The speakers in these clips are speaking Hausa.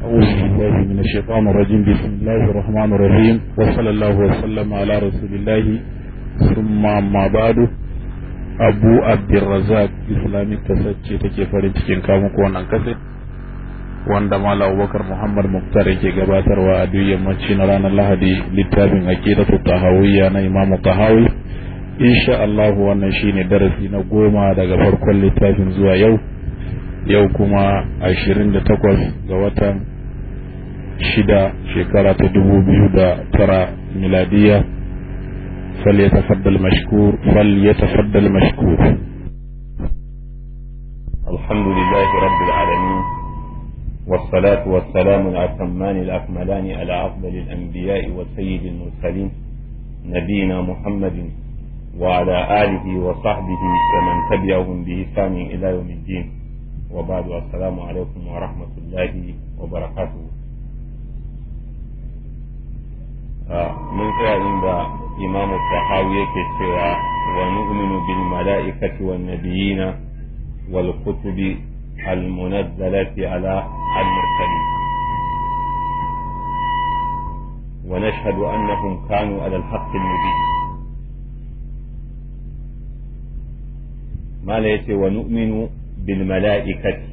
أعوذ بالله من الشيطان الرجيم بسم الله ce take farin cikin kamu ko wannan cassette wanda Mala Abubakar Muhammad Muktar yake gabatarwa a duk yammaci na ranar Lahadi littafin Aqidatu Tahawiyya na Imam Tahawi insha Allah wannan shine darasi na goma daga farkon littafin zuwa yau yau kuma 28 ga watan shida shekara ta 2009 miladiya فليتفضل مشكور فليتفضل مشكور الحمد لله رب العالمين والصلاة والسلام الأتمان الأكملان على أفضل الأنبياء وسيد المرسلين نبينا محمد وعلى آله وصحبه ومن تبعهم بإحسان إلى يوم الدين وبعد السلام عليكم ورحمة الله وبركاته آه، من قال عند إمام الصحاوية كتيرا ونؤمن بالملائكة والنبيين والكتب المنزلة على المرسلين ونشهد أنهم كانوا على الحق المبين ما ليس ونؤمن bil mala'ikati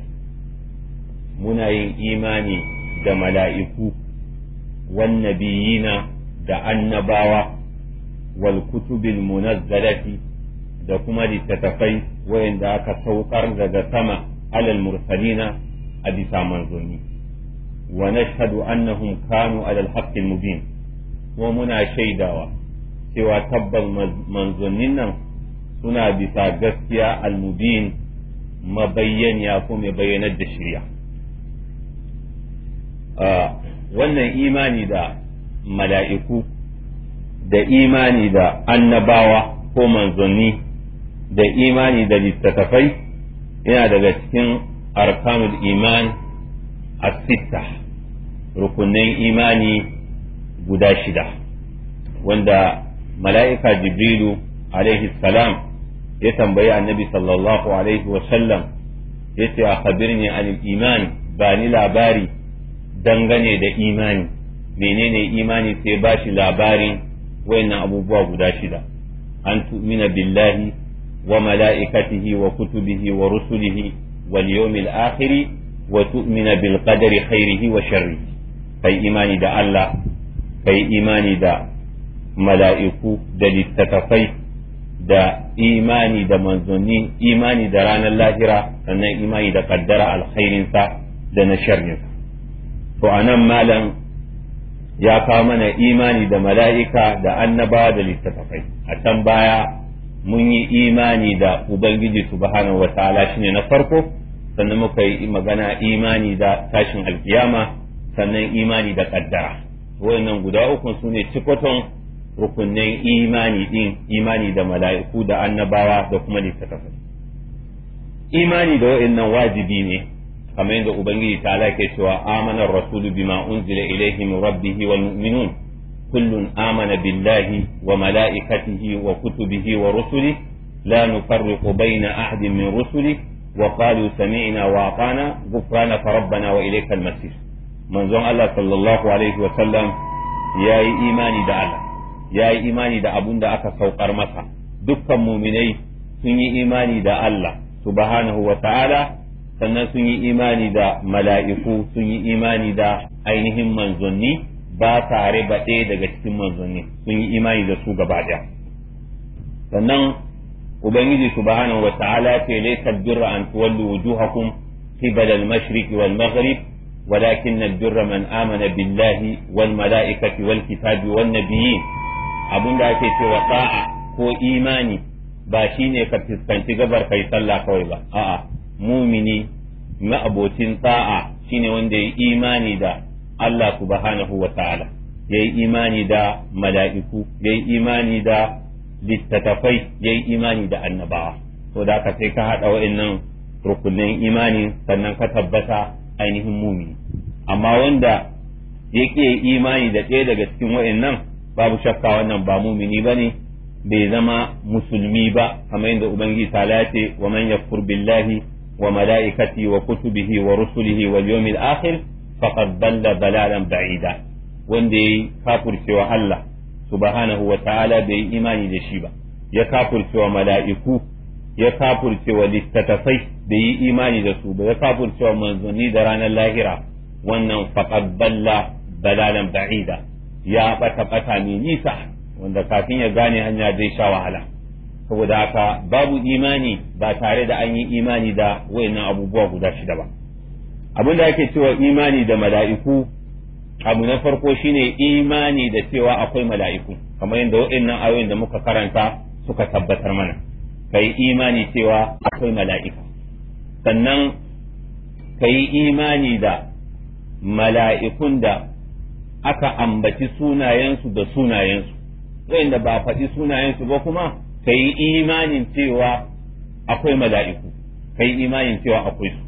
muna yin imani da mala'iku wannabiyina da annabawa wal kutubil munazzalati da kuma littattafai wayanda aka saukar daga sama alal mursalina a bisa manzoni wa nashhadu annahum kanu alal haqqil mubin kuma muna shaidawa cewa tabbas manzonin nan suna bisa gaskiya al-mubin ya ko mai bayyanar da shirya wannan imani da mala'iku da imani da annabawa ko manzanni da imani da littattafai yana daga cikin arkanul iman a sitta rukunin imani guda shida wanda mala'ika jibrilu alaihi salam ya tambayi annabi sallallahu alaihi wa sallam a akhbirni an iman ba ni labari dangane da imani menene imani sai ba shi labarin wayannan abubuwa guda shida an tu'mina billahi wa mala'ikatihi wa kutubihi wa rusulihi wal yawmil akhiri wa tu'mina bil qadari khairihi wa sharrihi kai imani da Allah kai imani da mala'iku da littattafai da imani da manzanni imani da ranar lahira sannan imani da kaddara alkhairinsa da na sharrinsa to a nan malam ya kawo mana imani da mala'ika da annaba da littattafai a can baya mun yi imani da ubangiji subhanahu wataala shine na farko sannan muka yi magana imani da tashin alkiyama sannan imani da kaddara wannan guda uku ne cikoton rukunin imani din imani da mala'iku da annabawa da kuma littattafai imani da wa'annan wajibi ne kamar yadda ubangiji ta ke cewa amana rasulu bima unzila ilayhi min rabbihi wal mu'minun kullun amana billahi wa mala'ikatihi wa kutubihi wa rusuli. la nufarriqu baina ahadin min rusulihi وقالوا سمعنا واطعنا غفرانك ربنا واليك المسير منزون الله صلى الله عليه وسلم يا imani da Allah. ya yi imani da abun da aka saukar masa dukkan muminai sun yi imani da Allah subhanahu wa ta'ala sannan sun yi imani da mala'iku sun yi imani da ainihin manzanni ba tare ba ɗaya daga cikin manzanni sun yi imani da su gaba ɗaya sannan ubangiji subhanahu wa ta'ala ce laysa birra an tuwallu wujuhakum qibala al-mashriqi wal maghrib Amana, Billahi, wal آمن wal والملائكة والكتاب والنبيين abin da ake cewa sa'a ko imani ba shi ne ka fuskanci gabar kai sallah kawai ba a'a mumini ma'abocin sa'a shine wanda ya imani da Allah subhanahu wa ta'ala ya yi imani da mala'iku ya yi imani da littattafai ya yi imani da annabawa so da aka sai ka haɗa wa'annan rukunin imani sannan ka tabbata ainihin mumini amma wanda ya imani da ɗaya daga cikin wa'annan babu shakka wannan ba mumini bane bai zama musulmi ba kamar yadda ubangiji ta lace wa man yakfur billahi wa malaikati wa kutubihi wa rusulihi wal yawmil akhir faqad dalla dalalan ba'ida wanda yayi kafircewa Allah subhanahu wa ta'ala bai imani da shi ba ya kafircewa mala'iku ya kafircewa littatafai bai yi imani da su ba ya kafircewa manzanni da ranar lahira wannan faqad dalla dalalan ba'ida ya bata bata mai nisa wanda kafin ya gane hanya zai sha wahala saboda haka babu imani ba tare da an yi imani da wayannan abubuwa guda shida ba abin da ake cewa imani da mala'iku abu na farko shine imani da cewa akwai mala'iku kamar yadda waɗannan ayoyin da muka karanta suka tabbatar mana kai imani cewa akwai mala'ika sannan kai imani da mala'ikun da aka ambaci sunayensu da sunayensu wanda ba faɗi sunayensu ba kuma ka yi imanin cewa akwai mala'iku ka yi imanin cewa akwai su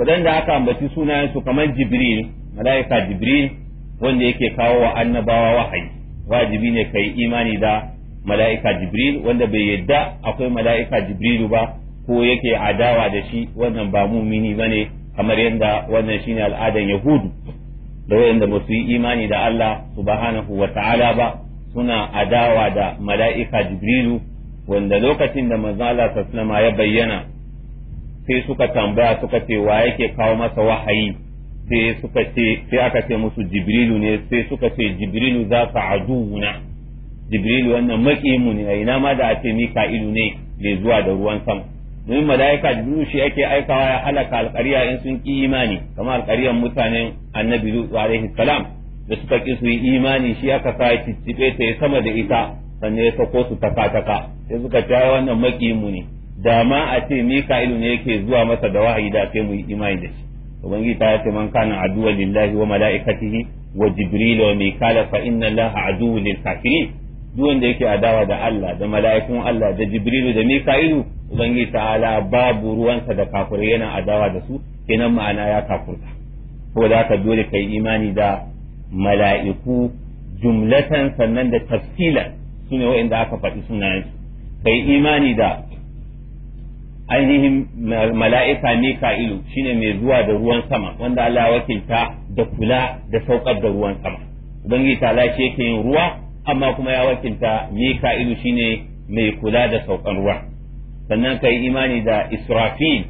waɗanda aka ambaci sunayensu kamar jibril mala'ika jibril wanda yake kawo wa annabawa wahayi wajibi ne ka yi imani da mala'ika jibril wanda bai yadda akwai mala'ika jibrilu ba ko yake adawa da shi wannan ba mumini ba ne kamar yadda wannan shine al'adan yahudu da waɗanda ba su yi imani da Allah subhanahu wa ta'ala ba suna adawa da mala'ika jibrilu wanda lokacin da manzo taslama ya bayyana sai suka tambaya suka ce wa yake kawo masa wahayi sai suka ce sai aka ce musu jibrilu ne sai suka ce jibrilu za ka aduwuna jibrilu wannan maƙimu ne a ina ma da a ce mika'ilu ne mai zuwa da ruwan sama domin malaika jibril shi yake aikawa ya halaka alƙarya in sun ki imani kamar alƙaryan mutanen annabi lutsu alaihi salam da suka ki su yi imani shi aka sa ya ciccibe ta ya sama da ita sannan ya sako su taka taka sai suka ce wannan makimu ne da ma a ce mika'ilu ne yake zuwa masa da wahayi da sai mu yi imani da shi ubangiji ta ce man kana aduwa lillahi wa mala'ikatihi wa jibril wa mikala fa inna allaha aduwwul lil kafirin duk wanda yake adawa da Allah da mala'ikun Allah da jibrilu da mika'ilu ubangi ta'ala babu ruwansa da kafure yana adawa da su kenan ma'ana ya kafurta ko da ka dole kai imani da mala'iku jumlatan sannan da tafsilan ne waɗanda aka faɗi sunayen su kai imani da ainihin mala'ika mika'ilu shine mai zuwa da ruwan sama wanda Allah ya wakilta da kula da saukar da ruwan sama ubangi ta'ala shi yake yin ruwa amma kuma ya wakilta mika'ilu shine mai kula da saukan ruwa sannan ka yi imani da israfil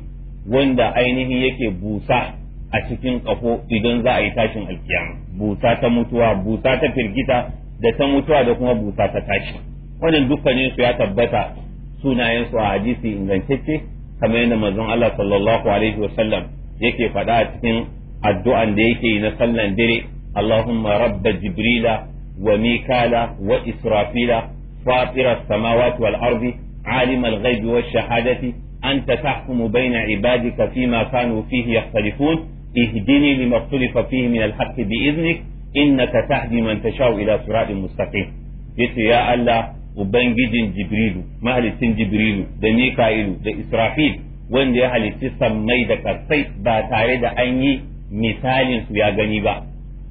wanda ainihi yake busa a cikin ƙafo idan za a yi tashin alkiyama busa ta mutuwa busa ta firgita da ta mutuwa da kuma busa ta tashi wannan dukkanin su ya tabbata sunayen su a hadisi ingantacce kamar yadda manzon Allah sallallahu alaihi wasallam yake faɗa a cikin addu'an da yake yi na sallan dare Allahumma rabba jibrila wa mikala wa israfila fatira samawati wal ardi عالم الغيب والشهادة أنت تحكم بين عبادك فيما كانوا فيه يختلفون اهدني لما اختلف فيه من الحق بإذنك إنك تهدي من تشاء إلى صراط مستقيم قلت يا الله وبنجد جبريل مهلتين جبريل ده ميكائيل ده إسرافيل وين ده هل سمي ميدك كالسي باتاري أني مثال يا با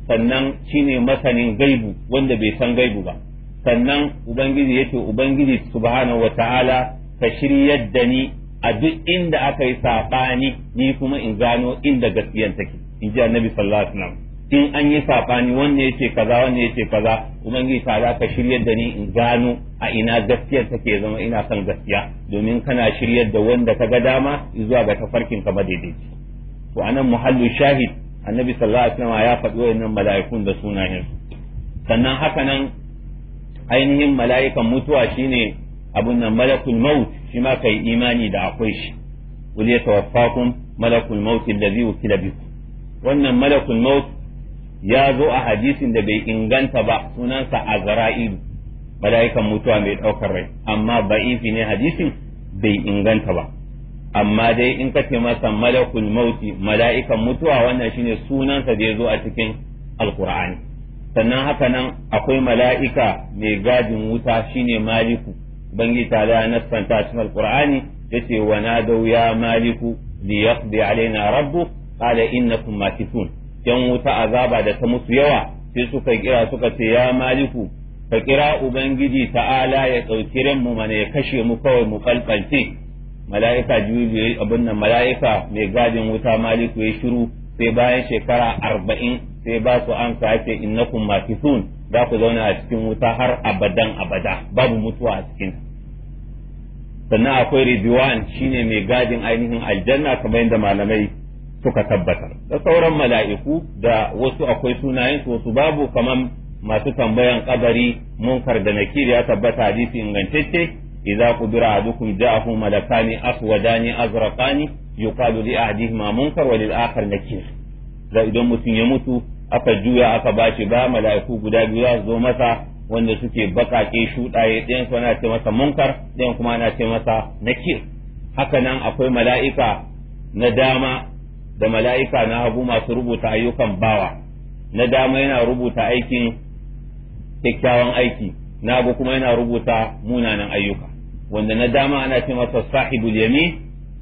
sannan شيني masanin gaibu وين bai غيب gaibu sannan ubangiji yace ubangiji subhanahu ta'ala ka shiryar da ni a duk inda aka yi saɓani ni kuma in gano inda gaskiyan take in ji annabi sallallahu alaihi wasallam in an yi saɓani wanne ce kaza wanne ce kaza ubangiji ta ka shiryar da ni in gano a ina gaskiyar take ya zama ina san gaskiya domin kana shiryar da wanda ka ga dama zuwa ga tafarkin ka madaidaici to anan muhallu shahid annabi sallallahu alaihi wasallam ya faɗi wayannan mala'ikun da sunayen sannan haka nan ainihin mala'ikan mutuwa shine abun nan malakul maut shi ma kai imani da akwai shi wuli ya tawaffakum malakul maut allazi wukila biku wannan malakul maut ya zo a hadisin da bai inganta ba sunansa azra'ilu mala'ikan mutuwa mai ɗaukar rai amma ba'ifi ne hadisin bai inganta ba amma dai in ka ce masa malakul mauti mala'ikan mutuwa wannan shine sunansa da ya zo a cikin alqur'ani sannan haka nan akwai mala'ika mai gadin wuta shine maliku bangi ta da nasfanta cikin alqur'ani yace wa nadau ya maliku li yaqdi alaina rabbuk qala innakum makithun yan wuta azaba da ta musu yawa sai suka kira suka ce ya maliku ka kira ubangiji ta'ala ya ɗauki mu mana ya kashe mu kawai mu kalkalce mala'ika juju abin nan mala'ika mai gadin wuta maliku ya shiru sai bayan shekara arba'in sai ba su an sa yace innakum makisun za ku zauna a cikin wuta har abadan abada babu mutuwa a cikin sannan akwai shi shine mai gadin ainihin aljanna kamar yadda malamai suka tabbatar da sauran mala'iku da wasu akwai sunayen su wasu babu kamar masu tambayan kabari munkar da nakir ya tabbata hadisi ingantacce idza qudira adukum ja'ahu malakani aswadani azraqani yuqalu li ahadihima munkar wa lil akhar nakir da idan mutum ya mutu aka juya aka ba shi ba mala'iku guda biyu za su zo masa wanda suke bakake shuɗaye ɗayan kuma ana ce masa munkar ɗayan kuma ana ce masa nakir haka nan akwai mala'ika na dama da mala'ika na hagu masu rubuta ayyukan bawa na dama yana rubuta aikin kyakkyawan aiki na hagu kuma yana rubuta munanan ayyuka wanda na dama ana ce masa sahibul yami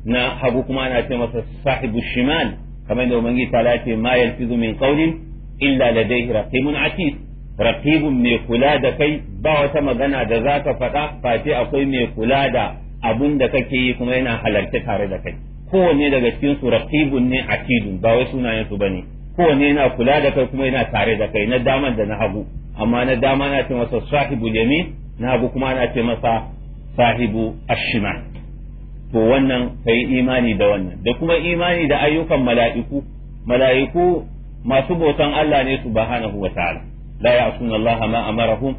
na hagu kuma ana ce masa sahibul shimal kamar da ubangiji ta lafi ma yalfizu min qawlin illa ladayhi raqibun atid raqibun mai kula da kai ba wata magana da zaka faɗa face akwai mai kula da abun da kake yi kuma yana halarci tare da kai kowanne daga cikin su raqibun ne atidun ba wai sunayen ba ne kowanne yana kula da kai kuma yana tare da kai na daman da na hagu amma na dama na ce masa sahibu yamin na hagu kuma na ce sahibu ashimal to wannan kai imani da wannan da kuma imani da ayyukan mala'iku mala'iku masu bautan Allah ne subhanahu wa ta'ala la ya'suna Allah ma amarahum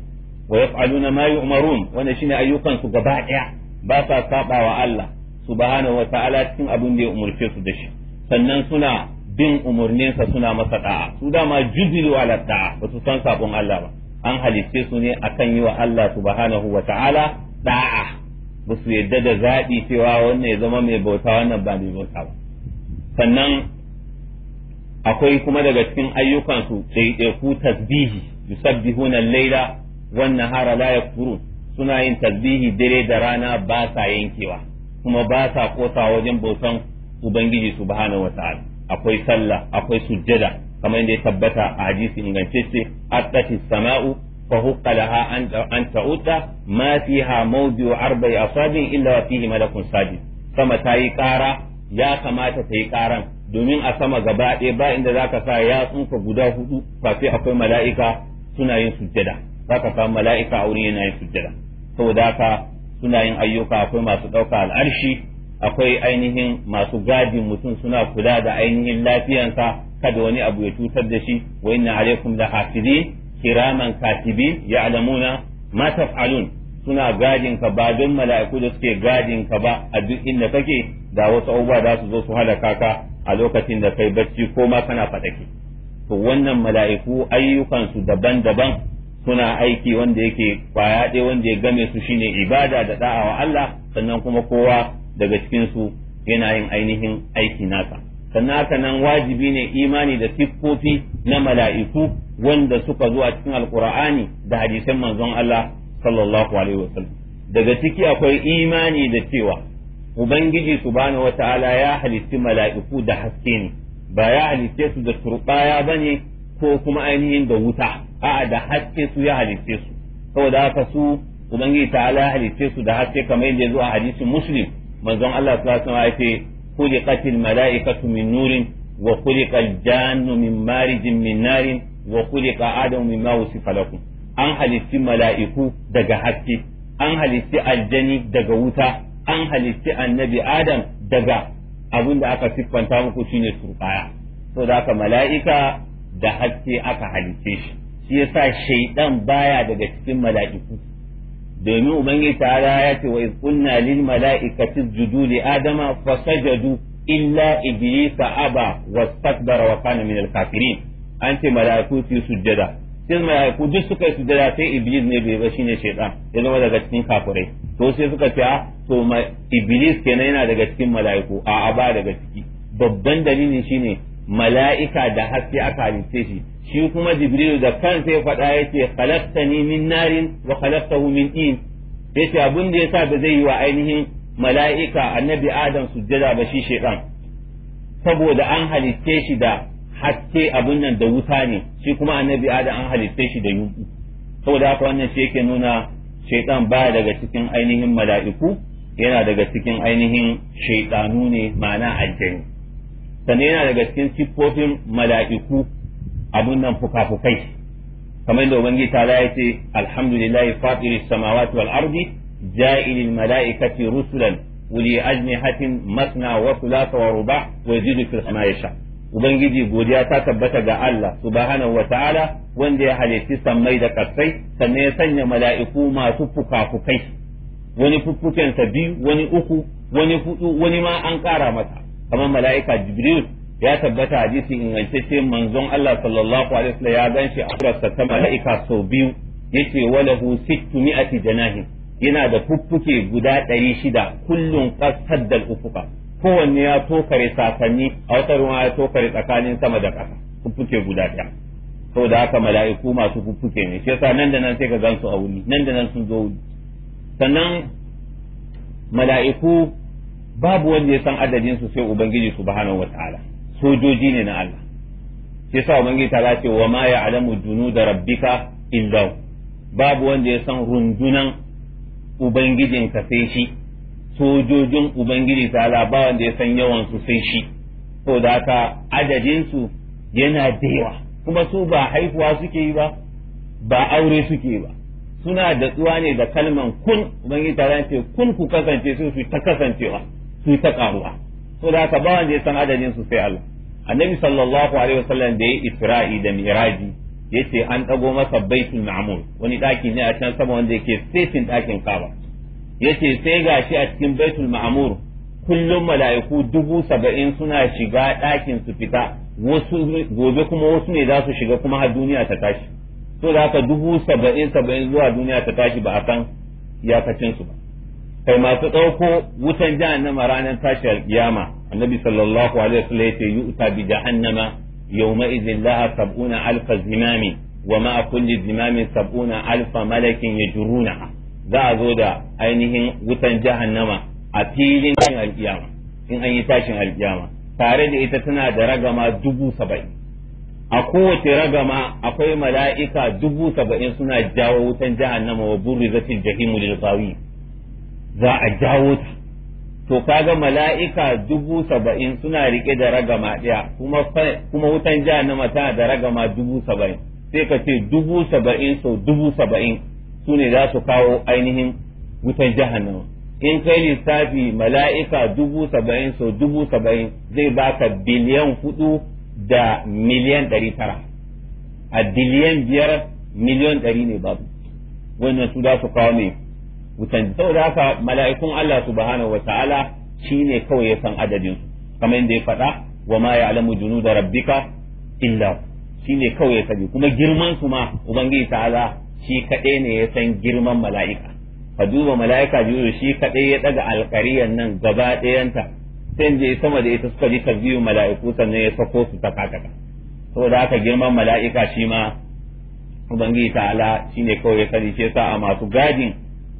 wa yaf'aluna ma yu'marun wannan shine ayyukan su gaba daya ba sa sabawa Allah subhanahu wa ta'ala cikin abin da ya umurce su da shi sannan suna bin sa suna masa da'a su dama jubilu ala da'a ba su san sabon Allah ba an halice su ne akan yi wa Allah subhanahu wa ta'ala da'a ba su yadda da zaɓi cewa wannan ya zama mai bauta wannan ba mai bauta ba sannan akwai kuma daga cikin ayyukansu ɗaiɗaiku tasbihi yusabbihuna al-laila wan nahara la yakfurun suna yin tasbihi dare da rana ba sa yankewa kuma ba sa kosa wajen bautan ubangiji subhanahu wata'ala akwai sallah akwai sujjada kamar yadda ya tabbata a hadisi ingantacce attati sama'u fa huqqa laha an an ta'uda ma fiha mawdi'u arba'i asabi illa wa fihi malakun sajid sama ta yi ƙara ya kamata tayi yi domin a sama gaba ɗaya ba inda za ka sa tsufa guda hudu kafin akwai mala'ika suna yin sujjada za ka samu mala'ika a wurin yana yin sujjada saboda haka suna yin ayyuka akwai masu ɗauka al'arshi akwai ainihin masu gadin mutum suna kula da ainihin lafiyansa kada wani abu ya cutar da shi wa inna alaikum la hafizin kiraman katibin ya'lamuna ma Alun suna gadin ka ba don mala'iku da suke gadin ka ba a duk inda kake da wasu abubuwa za su zo su halaka ka a lokacin da kai bacci ko ma kana faɗake to wannan mala'iku ayyukansu daban-daban suna aiki wanda yake kwaya ɗaya wanda ya game su shine ibada da da'a wa Allah sannan kuma kowa daga cikin su yana yin ainihin aiki nasa sannan haka nan wajibi ne imani da siffofi na mala'iku wanda suka zo a cikin alqur'ani da hadisan manzon Allah sallallahu alaihi wasallam daga ciki akwai imani da cewa ubangiji subhanahu ta'ala ya halitti mala'iku da haske ne ba ya halitte su da ba ne ko kuma ainihin da wuta a'a da haske su ya halitte su saboda haka su ubangiji ta'ala ya halitte su da haske kamar yadda zuwa hadisin muslim manzon Allah sallallahu alaihi wasallam ya ce khuliqatil mala'ikatu min nurin wa khuliqal jannu min marijin min narin wa khuliqa adamu mimma wusifa lakum an halitti mala'iku daga haske an halitti aljani daga wuta an halitti annabi adam daga abin da aka siffanta muku shine turbaya to da haka mala'ika da haske aka halitte shi shi yasa shaidan baya daga cikin mala'iku domin ubangiji ta'ala ya ce wa qulna lil mala'ikati isjudu li adama fasajadu illa iblisa aba wastakbara wa kana min al-kafirin an ce mala'iku su sujjada sai haiku duk suka su jira sai iblis ne bai ba shine shaytan ya zama daga cikin kafirai to sai suka ce ah, to iblis kenan yana daga cikin mala'iku a ba daga ciki babban dalilin shine mala'ika da haske aka halitta shi shi kuma jibril da kansa ya faɗa yace khalaqtani min narin wa khalaqtahu min tin yace abin da yasa ba zai yi wa ainihin mala'ika annabi adam sujada ba shi shaytan saboda an halitta shi da haske abun nan da wuta ne shi kuma annabi adam an halitta shi da yutsu saboda haka wannan shi yake nuna shaitan baya daga cikin ainihin mala'iku yana daga cikin ainihin shaitanu ne ma'ana aljani sannan yana daga cikin siffofin mala'iku abun nan fuka kamar yadda ubangiji ta ya ce alhamdulillahi fatiris samawati wal ardi ja'ilil mala'ikati rusulan uli ajnihatin masna wa thulatha wa ruba' wa yazidu fil ma ubangiji godiya ta tabbata ga Allah subhanahu wa ta'ala wanda ya halitti sammai da kasai sannan ya sanya mala'iku masu fukafukai wani fuffukensa biyu wani uku wani hudu wani ma an kara masa kamar mala'ika jibril ya tabbata hadisi ingantacce manzon Allah sallallahu alaihi wasallam ya ganshi a surarsa ta mala'ika sau biyu yake walahu sittu mi'ati janahin yana da fuffuke guda ɗari shida kullum qasaddal ufuka. kowanne ya tokare sakanni a wata ruwa ya tokare tsakanin sama da ƙasa fuffuke guda ɗaya da haka mala'iku masu fuffuke ne shi yasa nan da nan sai ka gansu a wuni nan da nan sun zo wuni sannan mala'iku babu wanda ya san adadin su sai ubangiji subhanahu wataala sojoji ne na Allah shi yasa ubangiji ta ce wa ma ya'lamu junuda rabbika illa babu wanda ya san rundunan ubangijinka sai shi sojojin ubangiji ta labaran da ya san yawan su sai shi to da adadin su yana da yawa kuma su ba haihuwa suke yi ba ba aure suke ba suna da tsuwa ne da kalman kun ubangiji ta ce kun ku kasance su su ta kasancewa su ta karuwa to da bawan da ya san adadin su sai Allah annabi sallallahu alaihi wasallam da ya isra'i da mi'raji yace an ɗago masa baitul ma'mur wani daki ne a can sama wanda yake sefin ɗakin kaba yace sai gashi a cikin baitul ma'mur kullum mala'iku dubu saba'in suna shiga ɗakin su fita wasu gobe kuma wasu ne za su shiga kuma har duniya ta tashi so da haka dubu saba'in saba'in zuwa duniya ta tashi ba a kan iyakacin su ba kai masu ɗauko wutan jahannama ranar tashi alkiyama annabi sallallahu alaihi wasallam yace yu'ta bi jahannama yawma idhin laha sab'una alfa zimami wa ma'a kulli zimamin sab'una alfa malakin yajrunaha za a zo da ainihin wutan jahannama a filin tashin alkiyama in an yi tashin alkiyama tare da ita tana da ragama dubu saba'in a kowace ragama akwai mala'ika dubu saba'in suna jawo wutan jahannama wa zafi jahimu da qawi za a jawo ta to kaga mala'ika dubu saba'in suna rike da ragama ɗaya kuma wutan jahannama tana da ragama dubu saba'in sai ka ce dubu saba'in sau dubu saba'in su ne za su kawo ainihin wutan jahannama in kai lissafi mala'ika dubu saba'in so dubu saba'in zai baka biliyan hudu da miliyan ɗari tara a biliyan biyar miliyan ɗari ne babu wannan su za su kawo ne. wutan saboda haka mala'ikun Allah subhanahu wa ta'ala shine kawai ya san adadin su kamar yadda ya faɗa wa ma ya'lamu junuda rabbika illa shine kawai ya sani kuma girman su ma ubangiji ta'ala shi kaɗai ne ya san girman mala'ika ka duba mala'ika juyo shi kaɗai ya ɗaga alƙariyar nan gaba ɗayanta sai je sama da ita suka ji biyu mala'iku sannan ya sako su ta kakaka saboda haka girman mala'ika shi ma ubangiji ta'ala shine kawai ya sani shi yasa a masu gadin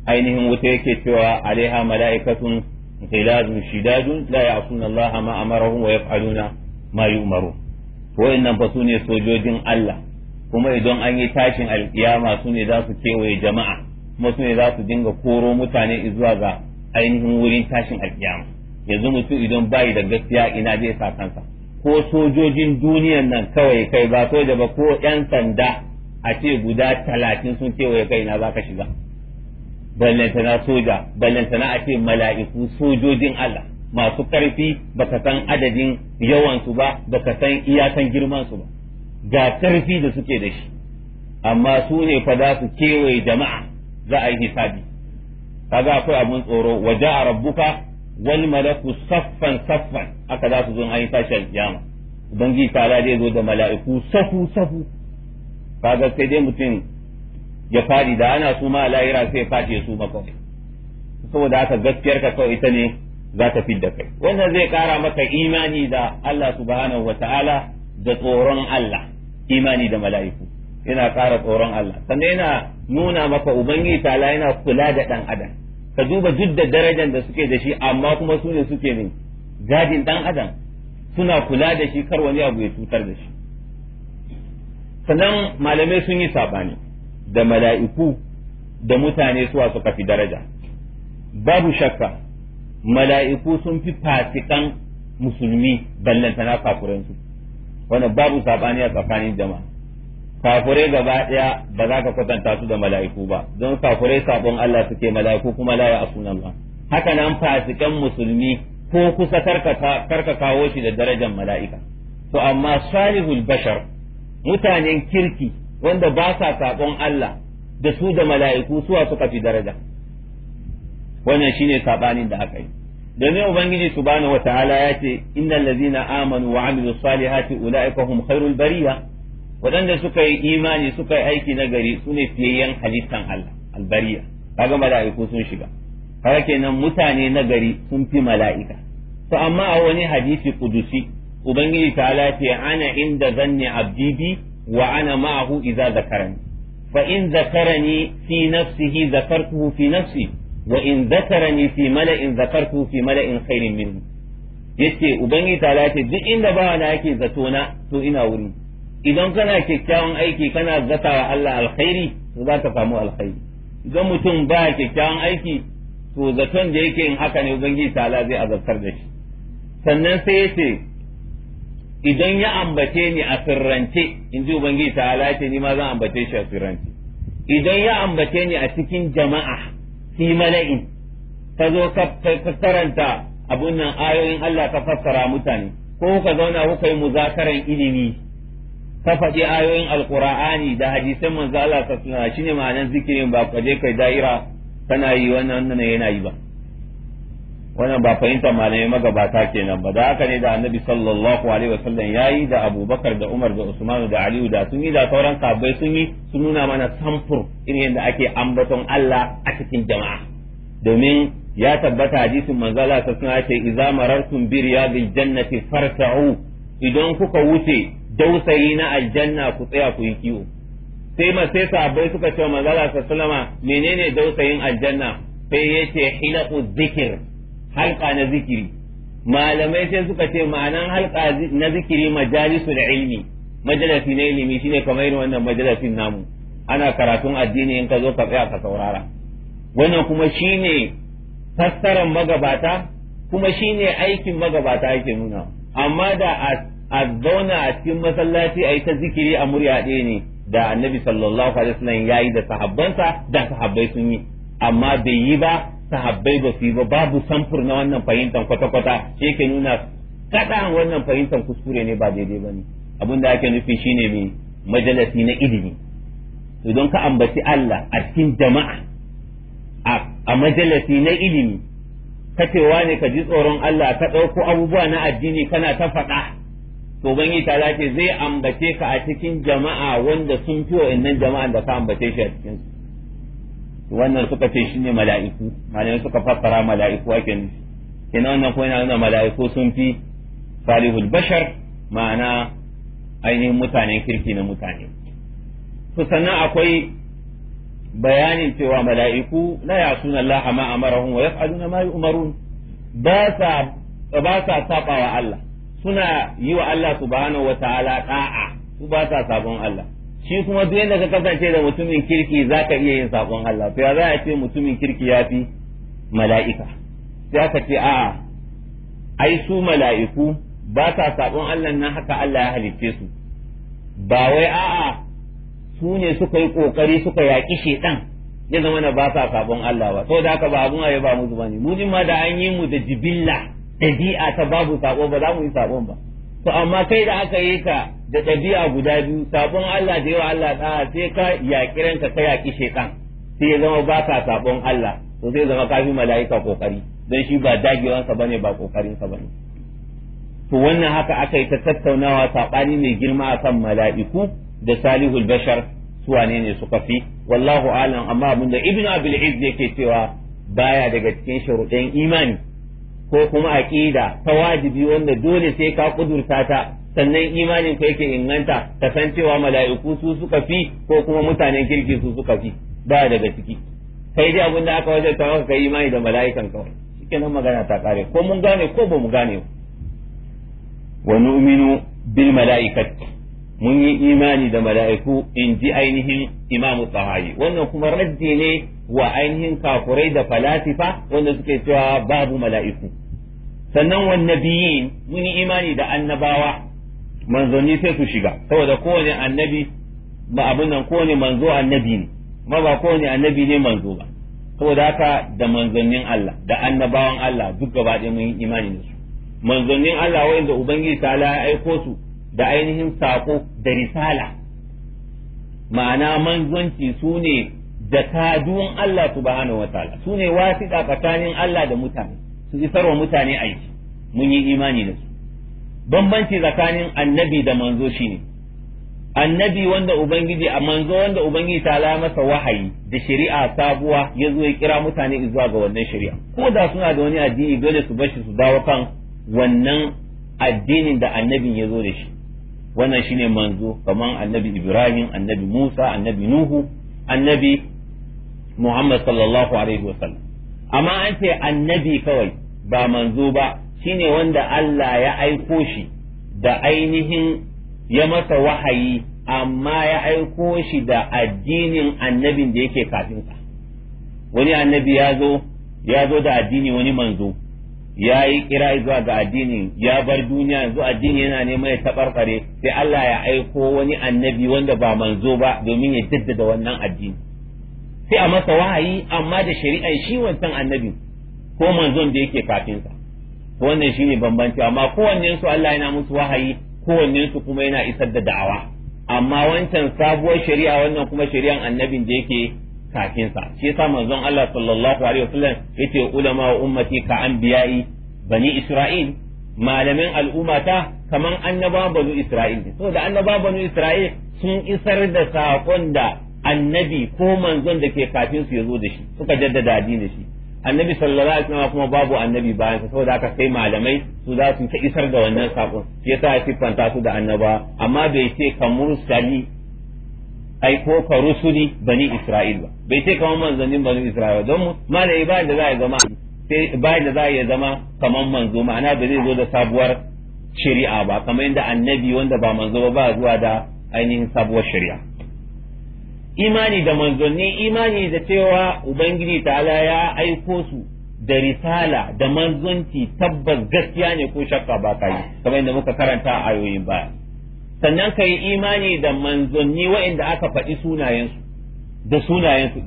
ainihin wuta yake cewa alaiha mala'ikatun ghilazun shidadun la ya'suna Allah ma aduna wa yaf'aluna ma yu'maru wa'annan fa ne sojojin Allah kuma idan an yi tashin alkiyama su ne za su kewaye jama'a kuma su ne za su dinga koro mutane zuwa ga ainihin wurin tashin alkiyama yanzu mutum idan bayi da gaskiya ina zai sa kansa ko sojojin duniyan nan kawai kai ba soja ba ko yan sanda a ce guda talatin sun kewaye kai na za ka shiga na soja na a ce mala'iku sojojin Allah masu karfi baka san adadin yawansu ba baka san iyakan su ba ga ƙarfi da suke da shi amma su ne fa za su kewaye jama'a za a yi hisabi kaga akwai abun tsoro waje a rabbuka wal malaku saffan saffan aka za su zo a yi tashin kiyama ubangiji ta zai zo da mala'iku safu safu kaga sai dai mutum ya fadi da ana su ma la'ira sai ya fadi su makwai saboda haka gaskiyar ka kawai ita ne za ta fidda kai wannan zai kara maka imani da Allah subhanahu Ta'ala, da tsoron Allah imani da mala'iku yana ƙara tsoron Allah sannan yana nuna maka ubangiji tala yana kula da dan adam ka duba duk da darajar da suke da shi amma kuma su ne suke ne gadin dan adam suna kula da shi kar wani abu ya cutar da shi sannan malamai sun yi sabani da mala'iku da mutane suwa suka fi daraja babu shakka mala'iku sun fi fasikan musulmi ballantana kafuransu wannan babu sabani a tsakanin jama'a kafure gaba daya ba za ka kwatanta su da mala'iku ba don kafure sabon Allah suke mala'iku kuma la ya asuna Allah haka nan fasikan musulmi ko kusa karkata karka kawo shi da darajar mala'ika to amma salihul bashar mutanen kirki wanda ba sa sabon Allah da su da mala'iku suwa suka fi daraja wannan shine sabanin da aka yi domin ubangiji bani wataala ya ce inna ladzina amanu wa amilu salihati ulaika hum khairul bariya wadanda suka yi imani suka yi aiki na gari sune fiyayyen halittan Allah albariya kaga mala'iku sun shiga kaga kenan mutane na gari sun fi mala'ika to amma a wani hadisi kudusi ubangiji ta'ala ce ana inda zanni abdi wa'ana wa ana ma'ahu idza zakarani fa in zakarani fi nafsihi zakartuhu fi nafsi wa in zakarani fi mala'in zakartu fi mala'in khairin minhu yace ubangi ta ce duk inda ba na yake zato na to ina wuri idan kana kyakkyawan aiki kana zata wa Allah alkhairi to za ka samu alkhairi idan mutum ba kyakkyawan aiki to zaton da yake in haka ne ubangi ta zai azabtar da shi sannan sai yace idan ya ambace ni a sirrance in ji ubangi ta ce ni ma zan ambace shi a sirrance idan ya ambace ni a cikin jama'a fi mala'in ka zo ka karanta abun nan ayoyin Allah ka fassara mutane ko ka zauna kuka yi muzakaran ilimi ka faɗi ayoyin alqur'ani da hadisan manzo Allah ka alaihi ne shine ma'anar zikirin ba ka je kai da'ira kana yi wannan wannan yana yi ba wannan ba fahimtar malamai magabata kenan ba da haka ne da annabi sallallahu alaihi wasallam yayi da abubakar da umar da usman da aliyu da sun yi da sauran sahabbai sun yi sun nuna mana samfur irin yadda ake ambaton Allah a cikin jama'a domin ya tabbata hadisin manzo Allah ta suna ce idza marartum bi riyadil jannati farta'u idan kuka wuce dausayi na aljanna ku tsaya ku yi kiwo sai ma sai sahabbai suka ce manzo Allah sallama menene dausayin aljanna sai yace hilaqu dhikr halka na zikiri malamai sai suka ce ma'anan halka na zikiri majalisu da ilmi majalisi na ilimi shine kamar irin wannan majalisin namu ana karatun addini in ka zo ka tsaya ka saurara wannan kuma shine fassarar magabata kuma shine aikin magabata yake nuna amma da a zauna a cikin masallaci a yi ta zikiri a murya ɗaya ne da annabi sallallahu alaihi wasallam yayi da sahabbansa da sahabbai sun yi amma bai yi ba sahabbai ba su yi ba babu samfur na wannan fahimtar kwata-kwata shi ke nuna kada wannan fahimtar kuskure ne ba daidai ba ne abin da ake nufi shine mai majalasi na ilimi idan ka ambaci Allah a cikin jama'a a majalasi na ilimi ka cewa ne ka ji tsoron Allah ka ɗauko abubuwa na addini kana ta faɗa to ban yi ta ce zai ambace ka a cikin jama'a wanda sun fi innan jama'an da ka ambace shi a cikinsu wannan suka ce shine mala'iku malamai suka fassara mala'iku ake nufi kenan wannan ko yana nuna mala'iku sun fi salihul bashar ma'ana ainihin mutane kirki na mutane to sannan akwai bayanin cewa mala'iku la ya'suna Allah ma amarahum wa yaf'aluna ma yu'marun ba sa ba sa saba wa Allah suna yi wa Allah subhanahu wa ta'ala ta'a su ba sa sabon Allah shi kuma duk yadda ka kasance da mutumin kirki za ka iya yin saƙon Allah to ya za a ce mutumin kirki ya fi mala'ika sai aka ce a'a ai su mala'iku ba sa saƙon Allah nan haka Allah ya halicce su ba wai a'a su ne suka yi ƙoƙari suka yaƙi sheɗan ya zama na ba sa saƙon Allah ba to da haka ba abun ayi ba mu zuba ne mu ma da an yi mu da jibilla ɗabi'a ta babu saƙo ba za mu yi saƙon ba to amma kai da aka yi ka da ɗabi'a guda biyu sabon Allah da yawa Allah ta sai ka yaƙi ranka ka yaƙi shekan sai ya zama baka sabon Allah to zai zama kafi mala'ika kokari don shi ba dagewansa bane ba kokarinsa bane to wannan haka aka yi ta tattaunawa saɓani mai girma a kan mala'iku da salihul bashar su wane ne suka fi wallahu alam amma abinda ibnu abul izz yake cewa baya daga cikin sharuɗin imani ko kuma aqida ta wajibi wanda dole sai ka kudurta ta sannan imanin ka yake inganta ka san cewa mala'iku su suka fi ko kuma mutanen kirki su suka fi ba daga ciki Sai dai abinda aka wajen ta maka kai imani da mala'ikan kawai nan magana ta kare ko mun gane ko ba mu gane wa nu'minu bil mala'ikat mun yi imani da mala'iku in ji ainihin imamu tsahayi wannan kuma raddi ne wa ainihin kafurai da falasifa wanda suke cewa babu mala'iku sannan wan nabiyyin mun yi imani da annabawa manzanni sai su shiga saboda kowane annabi ba abin nan kowane manzo annabi ne kuma ba kowane annabi ne manzo ba saboda haka da manzannin Allah da annabawan Allah duk gaba ɗaya mun yi imani da su manzannin Allah wanda ubangiji ta ya aiko su da ainihin sako da risala ma'ana manzanci su ne Da jakadun Allah subhanahu wataala su ne wasiƙa tsakanin Allah da mutane su isarwa mutane aiki mun yi imani da su bambanci tsakanin annabi da manzo shine annabi wanda ubangiji a manzo wanda ubangiji ta la masa wahayi da shari'a sabuwa ya zo ya kira mutane zuwa ga wannan shari'a ko da suna da wani addini dole su bashi su dawo kan wannan addinin da annabin ya zo da shi wannan shine manzo kamar annabi Ibrahim annabi Musa annabi Nuhu annabi Muhammad sallallahu alaihi wasallam amma an ce annabi kawai ba manzo ba shine wanda Allah ya aiko shi da ainihin ya masa wahayi amma ya aiko shi da addinin annabin da yake kafin sa wani annabi ya zo ya zo da addini wani manzo ya yi kira zuwa ga addini ya bar duniya yanzu addini yana neman ya taɓarɓare sai Allah ya aiko wani annabi wanda ba manzo ba domin ya jaddada wannan addini sai a masa wahayi amma da shari'a shi wancan annabi ko manzon da yake kafin sa wannan shi ne bambanci amma kowannen su Allah yana musu wahayi kowannen su kuma yana isar da da'awa amma wancan sabuwar shari'a wannan kuma shari'an annabin da yake kafin sa shi yasa manzon Allah sallallahu alaihi wasallam yace ulama wa ummati ka anbiya'i bani isra'il malamin al'ummata kaman annaba banu isra'il saboda annaba banu isra'il sun isar da sakon da annabi ko manzon da ke kafin su ya zo da shi suka jaddada addini shi annabi sallallahu alaihi wasallam kuma babu annabi bayan sa saboda haka sai malamai su za su ta isar da wannan sakon shi yasa ya fanta su da annaba amma bai ce ka mursali ai ko ka rusuli bani isra'il ba bai ce kamar manzannin bani isra'il don mu malami bayan da za zama bayan da za ya zama kamar manzo ma'ana da zai zo da sabuwar shari'a ba kamar yadda annabi wanda ba manzo ba zuwa da ainihin sabuwar shari'a imani da manzanni imani da cewa ubangiji ta'ala ya aiko su da risala da manzanci tabbas gaskiya ne ko shakka ba ka yi kamar yadda muka karanta a ayoyin baya sannan ka yi imani da manzanni waɗanda aka faɗi sunayensu da sunayensu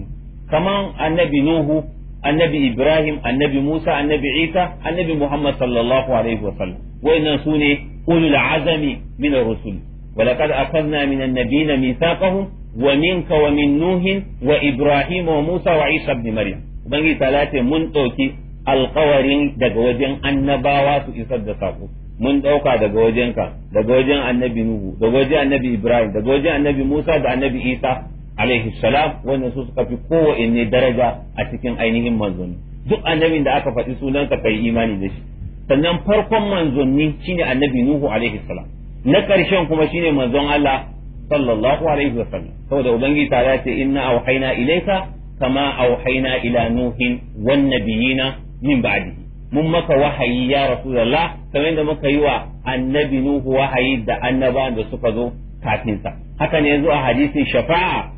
kamar annabi nuhu annabi ibrahim annabi musa annabi isa annabi muhammad sallallahu alaihi wa sallam waɗannan su ne ulul azami min ar-rusul ولقد أخذنا من النبيين ميثاقهم wa minka wa min nuhin wa ibrahim wa musa wa isa ibn maryam ubangiji ta mun ɗauki alkawarin daga wajen annabawa su isar da sako mun ɗauka daga wajenka daga wajen annabi nuhu daga wajen annabi ibrahim daga wajen annabi musa da annabi isa alaihi salam wannan su suka fi kowanne daraja a cikin ainihin manzanni duk annabin da aka faɗi sunansa kai imani da shi sannan farkon manzonni shine annabi nuhu alaihi salam na karshen kuma shine manzon Allah sallallahu alaihi wa sallam saboda ubangi ta ya ce inna auhayna ilayka kama auhayna ila nuhin wan nabiyina min ba'dihi mun maka wahayi ya rasulullah kamar da muka yi wa annabi nuhu wahayi da annaba da suka zo kafin sa haka ne zuwa hadisin shafa'a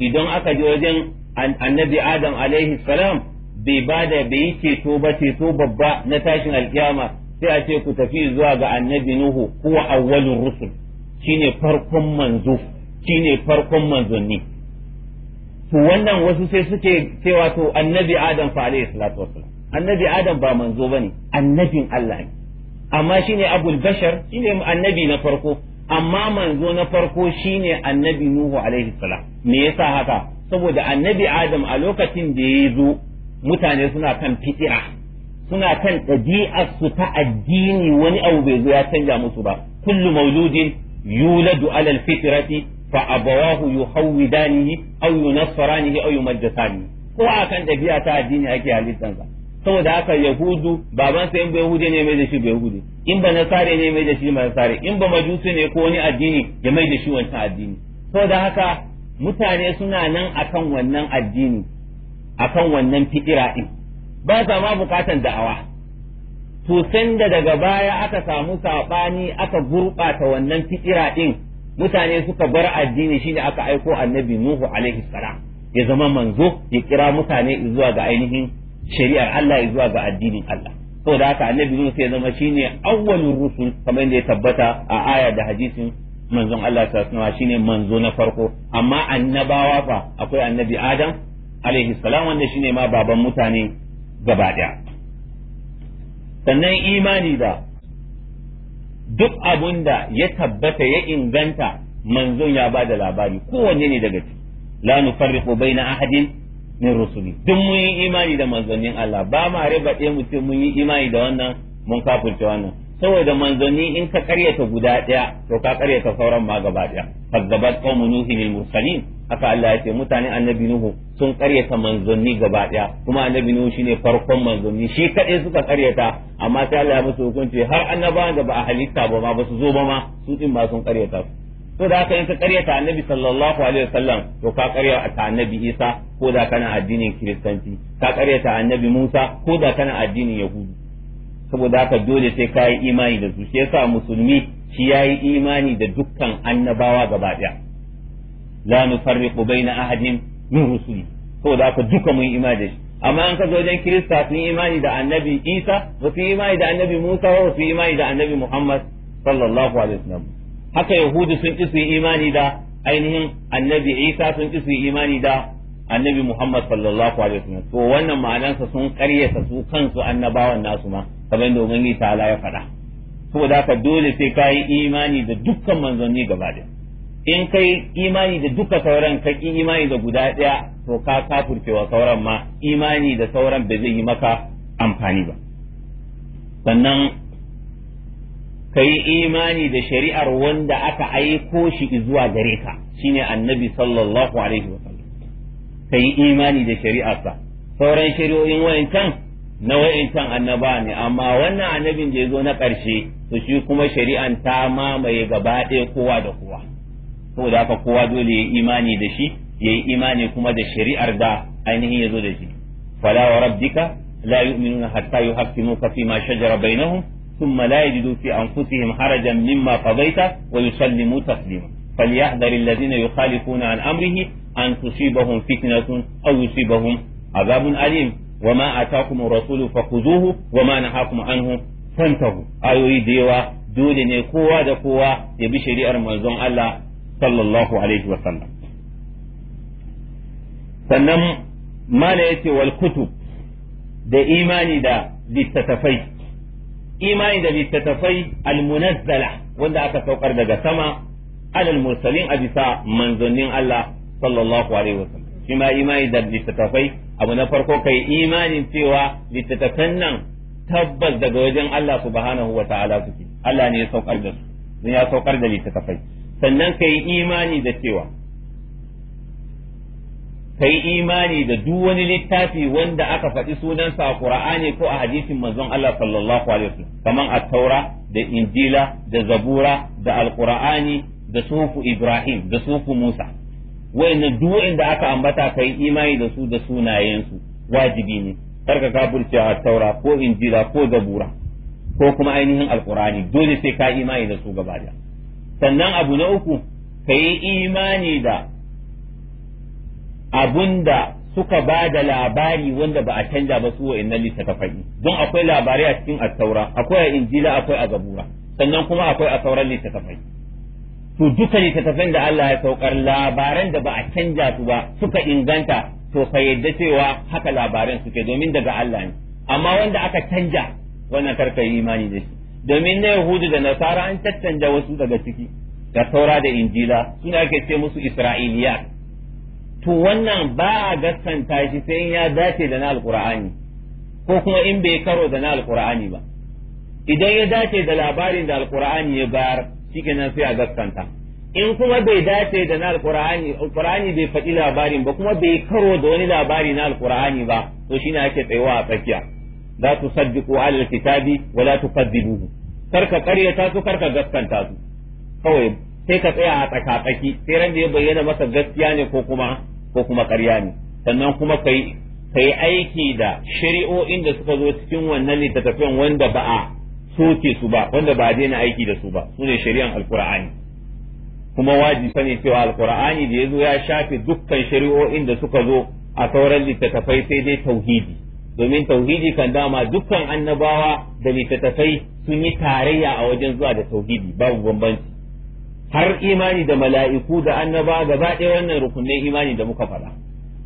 idan aka je wajen annabi adam alaihi salam bai bada bai yi ceto ba ceto babba na tashin alkiyama sai a ce ku tafi zuwa ga annabi nuhu huwa awwalur rusul shine farkon manzo shine farkon manzanni to wannan wasu sai suke cewa to annabi adam fa alaihi salatu wassalam annabi adam ba manzo bane annabin Allah ne amma shine abul bashar shine annabi na farko amma manzo na farko shine annabi nuhu alaihi salam me yasa haka saboda annabi adam a lokacin da ya zo mutane suna kan fitira suna kan ɗabi'ar su ta addini wani abu bai zo ya canja musu ba kullu mauludin يولد على alfitrati fa abawahu أو ينصرانه أو يمجسانه yumajjasanihi ko kan dabi'a ta addini ake halittansa saboda haka yahudu baban sa in ba yahudu ne mai da shi ba yahudu in ba nasare ne mai da shi ba nasare in ba majusu ne ko wani addini ya mai da shi wancan addini saboda haka mutane suna nan akan wannan addini akan wannan fikira din ba sa ma bukatan da'awa to da daga baya aka samu saɓani aka gurɓata wannan fikira ɗin mutane suka bar addini shine aka aiko annabi nuhu alaihi salam ya zama manzo ya kira mutane zuwa ga ainihin shari'ar Allah zuwa ga addinin Allah saboda haka annabi nuhu sai zama shine awwalur rusul kamar yadda ya tabbata a aya da hadisin manzon Allah ta sanawa shine manzo na farko amma annabawa fa akwai annabi Adam alaihi salam wanda shine ma baban mutane gaba daya sannan imani da duk abun da ya tabbata ya inganta manzon ya ba da labari kowanne ne daga ciki la nufarriqu baina ahadin min rusuli duk mun yi imani da manzonin Allah ba ma rabe ɗaya mutum mun yi imani da wannan mun kafirce wannan saboda manzanni in ka karyata guda ɗaya to ka karyata sauran ma gaba ɗaya kazzabat qaumu nuhin lil mursalin haka Allah ya ce mutane annabi nuhu sun karyata manzanni gaba ɗaya kuma annabi nuhu shine farkon manzanni shi kadai suka karyata amma sai Allah ya musu hukunci har annabawan da ba a halitta ba ma ba su zo ba ma su din ba sun karyata su to da haka in ka karyata annabi sallallahu alaihi wasallam to ka karyata annabi Isa ko da kana addinin kiristanci ka karyata annabi Musa ko da kana addinin yahudu saboda haka dole sai ka yi imani da su shi yasa musulmi shi ya yi imani da dukkan annabawa gaba ɗaya la nufarriqu baina ahadin min rusuli saboda haka duka mun imani da shi amma an ka zo wajen kirista sun imani da annabi isa ba su imani da annabi musa ba su imani da annabi muhammad sallallahu alaihi wasallam haka yahudu sun ki su yi imani da ainihin annabi isa sun ki su yi imani da annabi muhammad sallallahu alaihi wasallam to wannan ma'anansa sun karyata su kansu annabawan nasu ma kamar da ubangiji ta'ala ya faɗa saboda haka dole sai ka yi imani da dukkan manzanni gaba da in kai imani da duka sauran ka ki imani da guda ɗaya to ka kafurcewa sauran ma imani da sauran ba zai yi maka amfani ba sannan ka yi imani da shari'ar wanda aka aiko shi zuwa gare ka shine annabi sallallahu alaihi wa sallam ka yi imani da shari'arsa sauran shari'o'in wayancan na wa'incan annaba ne amma wannan annabin da ya zo na ƙarshe to shi kuma shari'an ta mamaye gaba ɗaya kowa da kowa saboda haka kowa dole ya imani da shi ya yi imani kuma da shari'ar da ainihin ya zo da shi fala wa rabbika la yu'minuna hatta yuhaqqimuka fi ma shajara bainahum thumma la yajidu fi anfusihim harajan mimma qadaita wa yusallimu taslima فليحذر الذين يخالفون عن أمره أن تصيبهم فتنة أو يصيبهم عذاب أليم wa ma atakum rasulu fakhuzuhu wa ma nahakum anhu fantahu ayoyi da yawa dole ne kowa da kowa ya bi shari'ar manzon Allah sallallahu alaihi wa sallam sannan mala ya ce kutub da imani da littattafai imani da littattafai almunazzala wanda aka saukar daga sama alal mursalin a bisa manzannin Allah sallallahu alaihi wa sallam shi ma imani da littattafai abu na farko kai imanin cewa littattafan nan tabbas daga wajen Allah subhanahu wa ta'ala suke Allah ne ya saukar da su don ya saukar da littattafai sannan kai imani da cewa kai imani da duk wani littafi wanda aka faɗi sunansa a Qur'ani ko a hadisin manzon Allah sallallahu alaihi wasallam kaman at-taura da injila da zabura da Al-Qur'ani da sufu ibrahim da sufu musa wayannan duk da aka ambata kai imani da su da sunayensu wajibi ne karka kafirce a taura ko injila ko zabura ko kuma ainihin alkurani dole sai ka imani da su gaba da sannan abu na uku ka yi imani da abunda suka ba da labari wanda ba a canja ba su ta littattafai don akwai labarai a cikin attaura akwai a injila akwai a zabura sannan kuma akwai a sauran littattafai to duka littattafan da Allah ya saukar labaran da ba a canja su ba suka inganta to fa yadda cewa haka labaran suke domin daga Allah ne amma wanda aka canja wannan karka imani da shi domin na Yahudu da Nasara an caccanja wasu daga ciki da taura da Injila suna ke ce musu Isra'iliya to wannan ba a gaskanta shi sai in ya dace da na Alƙur'ani ko kuma in bai karo da na Alƙur'ani ba idan ya dace da labarin da alkur'ani ya bayar shikenan sai a gaskanta in kuma bai dace da na alqur'ani alqur'ani bai faɗi labarin ba kuma bai karo da wani labari na alqur'ani ba to shine ake tsayawa a tsakiya Za la tusaddiqu alal kitabi wa la tukadzibuhu karka karyata su karka gaskanta su kawai sai ka tsaya a tsakatsaki sai ran da ya bayyana maka gaskiya ne ko kuma ko kuma ƙarya ne sannan kuma kai kai aiki da shari'o'in da suka zo cikin wannan littattafan wanda ba a soke su ba wanda ba daina aiki da su ba su ne shari'an alkur'ani kuma wajibi ne cewa alkur'ani da ya zo ya shafe dukkan shari'o'in da suka zo a sauran littattafai sai dai tauhidi domin tauhidi kan dama dukkan annabawa da littattafai sun yi tarayya a wajen zuwa da tauhidi babu bambanci har imani da mala'iku da annabawa gaba ɗaya wannan rukunin imani da muka faɗa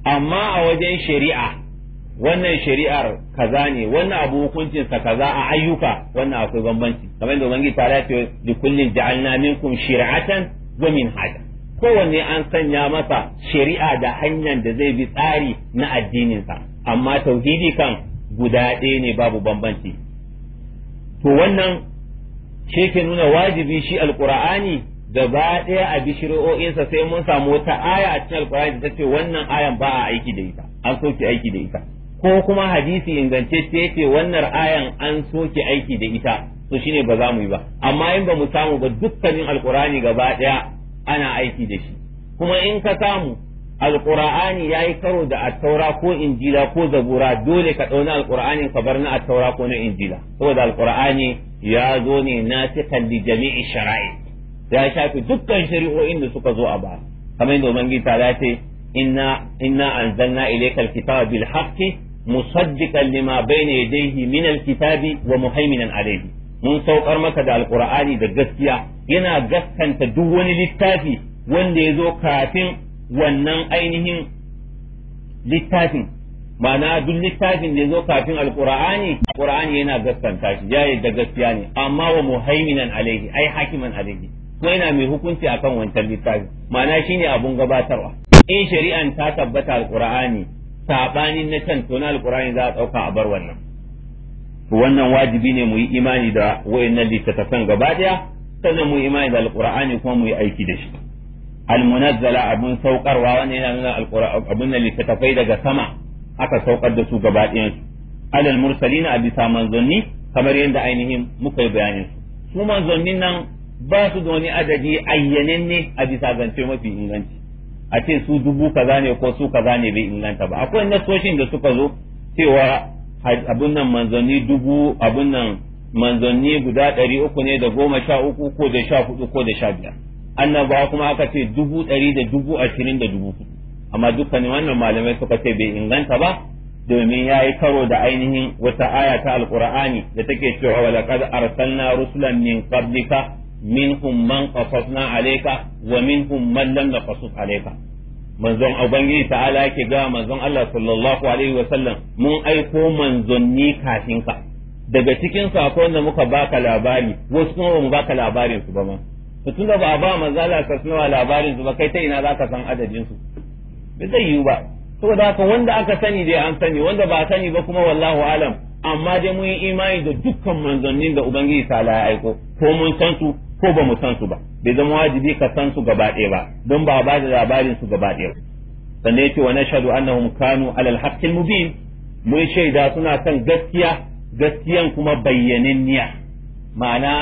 amma a wajen shari'a wannan shari'ar kaza ne wannan abu hukuncin sa kaza a ayyuka wannan akwai bambanci kamar yadda ubangiji ta ce li kullin ja'alna minkum shir'atan wa minhaja kowanne an sanya masa shari'a da hanyar da zai bi tsari na addinin sa amma tauhidi kan guda ɗaya ne babu bambanci to wannan shi ke nuna wajibi shi alqur'ani gaba ɗaya a bi sa sai mun samu wata aya a cikin alqur'ani da ta ce wannan ayan ba a aiki da ita an soke aiki da ita ko kuma hadisi ingantacce yake wannan ayan an soke aiki da ita to shine ba za mu yi ba amma in ba mu samu ba dukkanin alqur'ani gaba daya ana aiki da shi kuma in ka samu alqur'ani yayi karo da attaura ko injila ko zabura dole ka ɗauna alqur'ani ka bar na attaura ko na injila saboda alqur'ani ya zo ne na nasikan da jami'i shara'i ya shafi dukkan shari'o'in da suka zo a ba kamar yadda ubangiji ta ce inna inna anzalna ilaykal kitaba bil haqqi Musaddikan lima bayna dai min alkitabi wa muhaiminan alayhi mun saukar maka da alqur'ani da gaskiya yana gaskanta duk wani littafi wanda ya zo kafin wannan ainihin littafin ma'ana duk littafin da ya zo kafin alqur'ani alqur'ani yana gaskanta shi ya da gaskiya ne amma wa muhaiminan alayhi ai hakiman alayhi ko yana mai hukunci akan wancan littafi ma'ana shine abun gabatarwa in shari'an ta tabbata alqur'ani sabanin na can to na alqur'ani za a dauka a bar wannan wannan wajibi ne mu yi imani da wayannan littattafan gaba daya sannan mu yi imani da alqur'ani kuma mu yi aiki da shi almunazzala abun saukarwa wannan yana nuna alqur'ani abun nan littattafai daga sama aka saukar da su gaba ɗayan su alal mursalina a bisa manzanni kamar yadda ainihin muka yi bayanin su su manzannin nan ba su da wani adadi ayyananne a bisa zance mafi inganci a ce su dubu kaza ne ko su kaza ne bai inganta ba akwai nasoshin da suka zo cewa abun nan manzanni dubu abun nan manzanni guda ɗari uku ne da goma sha uku ko da sha hudu ko da sha biyar annabawa kuma aka ce dubu ɗari da dubu ashirin da dubu hudu amma dukkanin wannan malamai suka ce bai inganta ba domin ya yi karo da ainihin wata aya ta alkur'ani da take cewa walaqad arsalna rusulan min qablika minhum man qasasna alayka wa minhum man lam naqasus alayka manzon ubangiji ta'ala yake ga manzon Allah sallallahu alaihi wa sallam mun aiko ni kafin ka daga cikin sakon da wanda muka baka labari wasu kuma ba mu baka labarin su ba ma to tunda ba ba manzo Allah sallallahu labarin su ba kai ta ina zaka san adadin su ba zai yiwu ba saboda haka wanda aka sani dai an sani wanda ba sani ba kuma wallahu alam amma dai mun yi imani da dukkan manzannin da ubangiji ta ya aiko ko mun san su ko ba mu san su ba bai zama wajibi ka san su gaba ɗaya ba don ba ba da labarin su gaba ɗaya sannan yace wa nashhadu annahum kanu alal haqqil mubin mun shaida suna kan gaskiya gaskiyan kuma bayyananniya ma'ana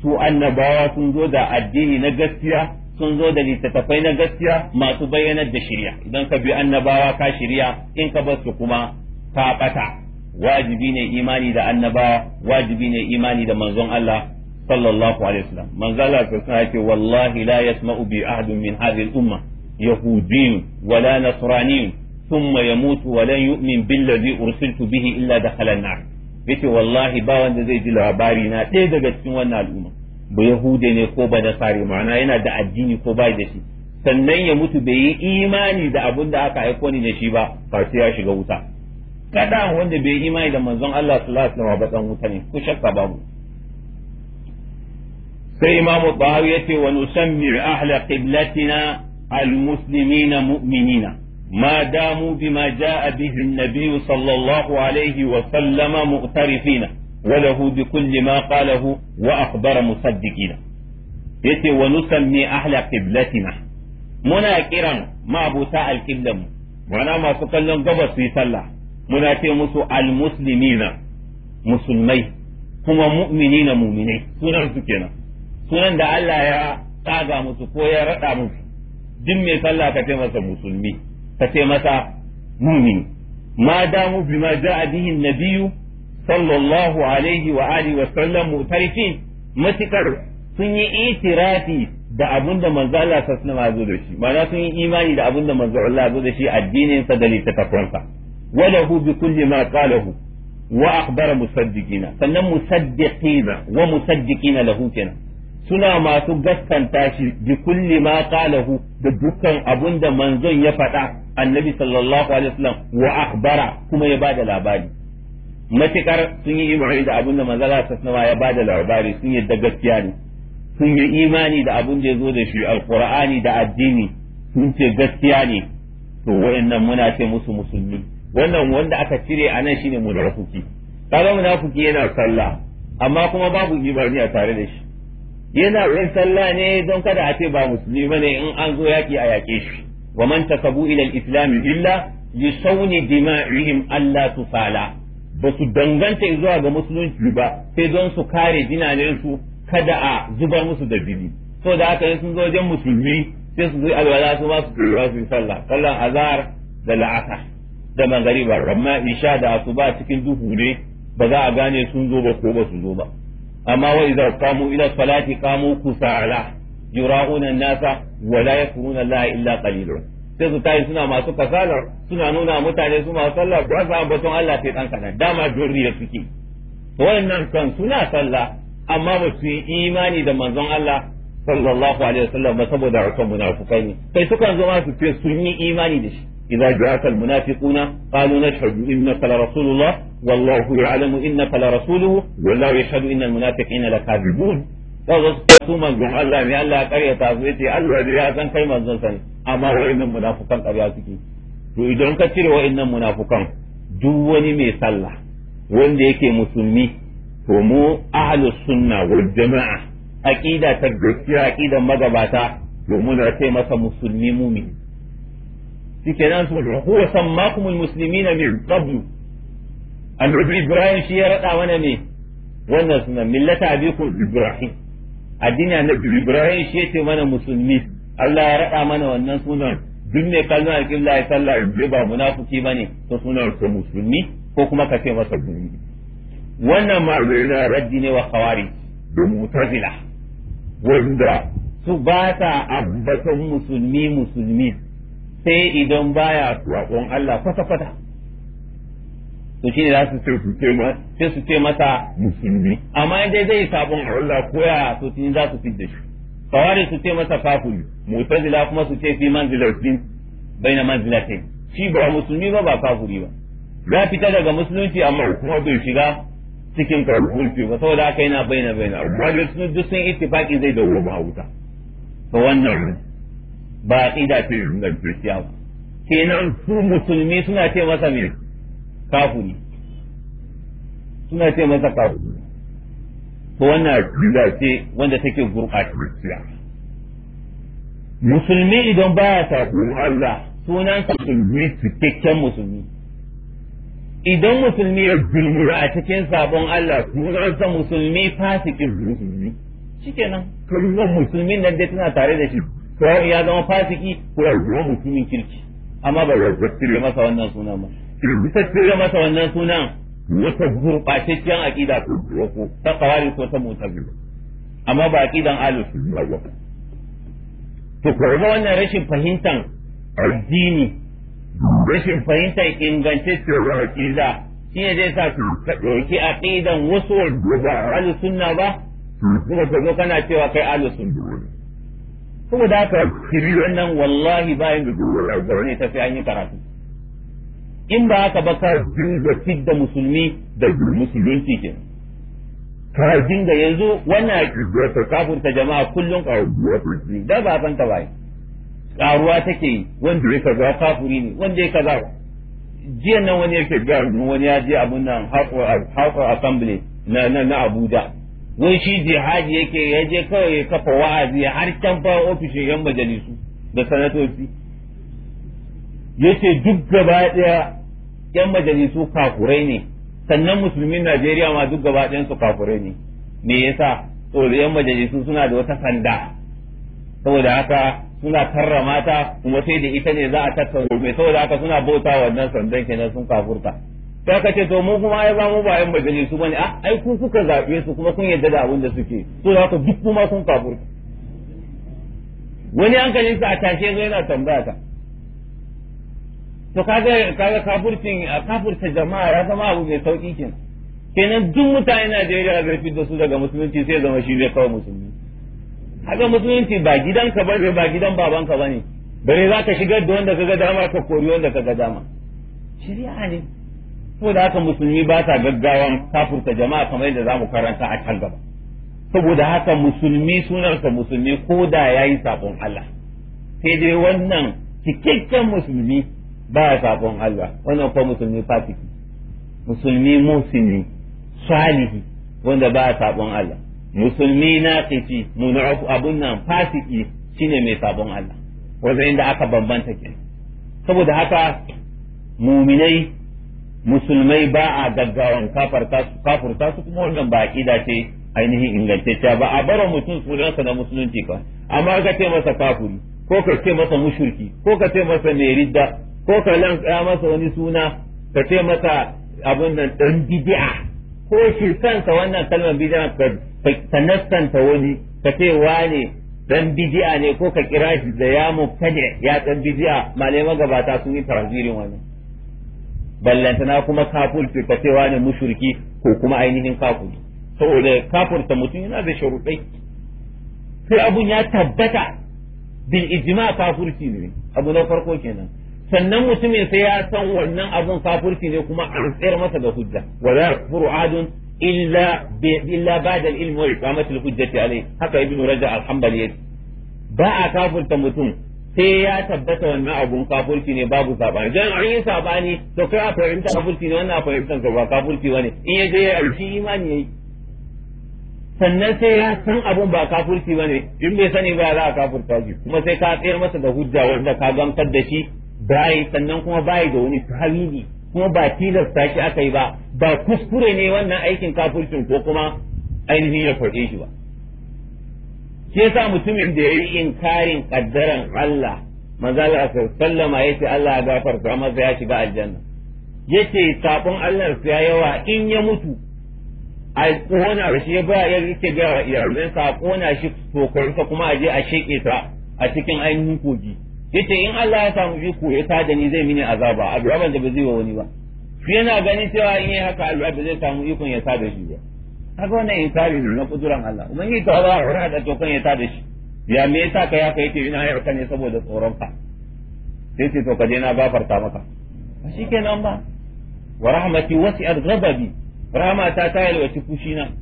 su annabawa sun zo da addini na gaskiya sun zo da littattafai na gaskiya masu bayyanar da shirya idan ka bi annabawa ka shirya in ka bar su kuma ka bata wajibi ne imani da annabawa wajibi ne imani da manzon Allah sallallahu alaihi wasallam manzo Allah ta yake wallahi la yasma'u bi ahadin min hadhihi al-umma yahudiyyun wala nasraniyyun thumma yamutu wa lan yu'min billadhi ursiltu bihi illa dakhala an-nar yace wallahi ba wanda zai ji labari na daya daga cikin wannan al'umma ba yahude ne ko ba nasari ma'ana yana da addini ko ba da shi sannan ya mutu bai yi imani da abun da aka aiko ni da shi ba face ya shiga wuta kada wanda bai imani da manzon Allah sallallahu alaihi wasallam wuta ne ko shakka babu sai imamu bahawi yace wa nusammi ahla qiblatina almuslimina mu'minina ما داموا بما جاء به النبي صلى الله عليه وسلم مؤترفين وله بكل ما قاله وأخبر مصدقين يتي ونسمي أهل قبلتنا منا كرا ما بوتاء القبلة وانا ما سكلن قبس في صلى منا مسو المسلمين مسلمين هم مؤمنين مؤمنين سنة سكينة sunan da Allah ya tsaga musu ko ya rada musu duk mai sallah ka ce masa musulmi ka ce masa mumin ma damu bima ja'a bihi nabiyyu sallallahu alaihi wa alihi wa sallam mutarifin matikar sun yi itirafi da abin da manzo Allah sallallahu alaihi da shi ma'ana sun yi imani da abin da manzo Allah ya da shi addinin sa da wala hu bi kulli ma qalahu wa akhbara musaddiqina sannan musaddiqina wa musaddiqina lahu kenan suna masu gaskanta shi bi kulli ma qalahu da dukkan abun da manzon ya faɗa annabi sallallahu alaihi wasallam wa akhbara kuma ya bada labari matikar sun yi imani da abun da manzala sasnawa ya bada labari sun yi da gaskiya ne sun yi imani da abun da ya zo da shi alqur'ani da addini sun ce gaskiya ne to wayannan muna ce musu musulmi wannan wanda aka cire anan shine munafiki kaga munafiki yana sallah amma kuma babu imani a tare da shi yana ruwan sallah ne don kada a ce ba musulmi bane in an zo yaki a yake shi wa man takabu ila al-islam illa li sawni dima'ihim alla tufala ba su danganta zuwa ga musulunci ba sai don su kare dinanin su kada a zuba musu da bibi so da haka sun zo wajen musulmi sai su zo alwala su ba su ba su sallah sallan Azar da la'aka da magariba amma isha da asuba cikin duhu ne ba za a gane sun zo ba ko ba su zo ba amma wa idza qamu ila salati qamu kusala yura'una nasa wa la yakuruna la illa qalilun sai su tayi suna masu kasalar suna nuna mutane su masu sallah ba sa batun Allah sai dan kana dama da suke wannan kan suna sallah amma ba su yi imani da manzon Allah sallallahu alaihi wasallam ba saboda rakan munafikai ne kai sukan zo masu su ce sun yi imani da shi إذا جاءك المنافقون قالوا نشهد إنك لرسول الله والله يعلم إنك لرسوله والله يشهد إن المنافقين لكاذبون su manzon Allah ne Allah ya karyata su yace Allah ya san kai manzon sa ne amma wa'annan munafukan karya suke to idan ka cire wa'annan munafukan duk wani mai sallah wanda yake musulmi to mu ahlus sunna wal aƙida ta magabata to muna ce masa musulmi mumin shikenan su huwa musulmi na min qablu annabi ibrahim shi ya raɗa mana ne wannan sunan millata abikum ibrahim addini annabi ibrahim shi ya ce mana musulmi Allah ya raɗa mana wannan sunan duk mai kallon alƙibla ya sallah bai ba munafuki ba ne to sunan ko musulmi ko kuma ka ce masa zulmi wannan ma'azina raddi ne wa kawari da mutazila wanda su ba ta abbatan musulmi musulmi sai idan baya roƙon Allah kwata-kwata to shi ne za su ce su ce masa musulmi amma in dai zai sabon Allah koya to tuni za su fi da shi kawari su ce masa kafiri mutazila kuma su ce fi manzilatin baina manzilatin shi ba musulmi ba ba kafiri ba ya fita daga musulunci amma kuma bai shiga cikin kafirci ba saboda haka yana baina baina amma duk sun ittifaqi zai dawo ba wuta to wannan ba aqida Ke nan su musulmi suna ce masa me kafuri suna ce masa kafuri to wannan aqida ce wanda take gurɓatacciya musulmi idan ba ya sakon Allah sunan musulmi cikakken musulmi idan musulmi ya gulmura a cikin sabon Allah sa musulmi fasikin musulmi kenan, kalmar musulmin nan dai tana tare da shi sai ya zama fasiki ko ya mutumin kirki amma ba ya masa wannan sunan ba tattira masa wannan sunan wata gurɓataccen aƙida ta kawari ko ta mutazila amma ba aƙidan ahlus sunna ba to ko wannan rashin fahimtar addini rashin fahimtar ingantacciyar aƙida shi ne zai sa ka ɗauki aƙidan wasu wanda ba alu sunna ba kuma ka zo kana cewa kai ahlus sunna da ka kiri wannan, wallahi bayan da duk ne fi an yi karatu in ba haka ba ka dinga da musulmi da musulunci ke ka dinga yanzu wannan kafurta jama'a kullum karuwa da ba san ta bai karuwa take yi wanda ya kaza kafuri ne wanda ya kaza jiya nan wani yake ga wani ya je abun nan haƙo assembly na Abuja wai shi jihadi yake ya je kawai ya kafa wa'azi har can fa ofishin yan majalisu da sanatoci yace duk gaba daya yan majalisu kafurai ne sannan musulmin Najeriya ma duk gaba ɗayan su kafurai ne me yasa saboda yan majalisu suna da wata sanda saboda haka suna karrama ta kuma sai da ita ne za a tattauna saboda haka suna bauta wannan sandan kenan sun kafurta ta ka ce to mu kuma ai zamu ba yan su bane ah ai ku suka zabe su kuma kun yarda da abin da suke so da haka duk kuma sun kafur wani hankalin su a tashe zo yana tambaya ta to kaga kaga kafurcin kafurta jama'a ya zama abu mai sauki kenan kenan duk mutane Najeriya a garfi da su daga musulunci sai zama shi ne kawo musulmi haka musulunci ba gidanka bane ba gidan babanka bane bare za ka shigar da wanda ka ga dama ka kori wanda ka dama shari'a ne saboda haka musulmi ba sa gaggawan kafurta jama'a kamar yadda mu karanta a can gaba saboda haka musulmi sunarsa musulmi ko da yayi sabon Allah sai dai wannan cikakken musulmi ba ya sabon Allah wannan ko musulmi fasiki musulmi musulmi salihi wanda ba ya sabon Allah musulmi na naqifi mun'af abun nan fasiki shine mai sabon Allah wanda inda aka bambanta kenan saboda haka muminai musulmai ba a gaggawan kafurta su kuma wannan ba a ƙida ce ainihin ingantacciya ba a bara mutum sunansa na musulunci ba amma ka ce masa kafuri ko ka ce masa mushurki ko ka ce masa mai ridda ko ka lanka masa wani suna ka ce masa abin nan dan bid'a ko shi kanka wannan kalmar bid'a ka nassanta wani ka ce wane dan bid'a ne ko ka kira shi da ya mubtadi ya dan bid'a malai magabata sun yi tarzirin wannan ballantana kuma kafur kafurci ka cewa ne mushriki ko kuma ainihin kafur. saboda kafur ta mutum yana da sharuɗai sai abun ya tabbata bil ijma kafurci ne abu na farko kenan sannan mutumin sai ya san wannan abun kafurci ne kuma a tsayar masa da hujja la yakfuru adun illa illa ba'da al-ilm wa iqamati al-hujjati alayhi haka ibnu raja al-hanbali ba a kafurta mutum sai ya tabbata wannan abun kafurci ne babu sabani dan an yi sabani to kai a fahimta kafurci ne wannan a fahimta ka ba kafurci ne in ya je ya yi imani yi sannan sai ya san abun ba kafurci ne in bai sani ba za a kafurta shi kuma sai ka tsayar masa da hujja wanda ka gamsar da shi bayi sannan kuma bayi da wani tarihi kuma ba tilasta shi aka yi ba ba kuskure ne wannan aikin kafurcin ko kuma ainihin ya faɗe shi ba Ke sa mutumin da ya yi inkarin kaddaran Allah manzo Allah sallama yace Allah ya gafarta masa ya shiga aljanna yace sabon Allah ya yawa in ya mutu a kona shi ba ya rike ga iyalan sa kona shi tokarsa kuma aje a sheke ta a cikin ainihin kogi yace in Allah ya samu ko ya da ni zai mini azaba abu da ba zai wa wani ba shi yana ganin cewa in yi haka Allah ba zai samu ikon ya tada shi ba kaga wannan inkari ne na kuduran Allah yi ta ba hura da to kan ya ta da shi ya me yasa ka ya kai ce ina ya ne saboda tsoron ka sai ce to ka je na gafarta maka shikenan ba wa rahmati wasi'at ghadabi rahmata ta yalwaci kushina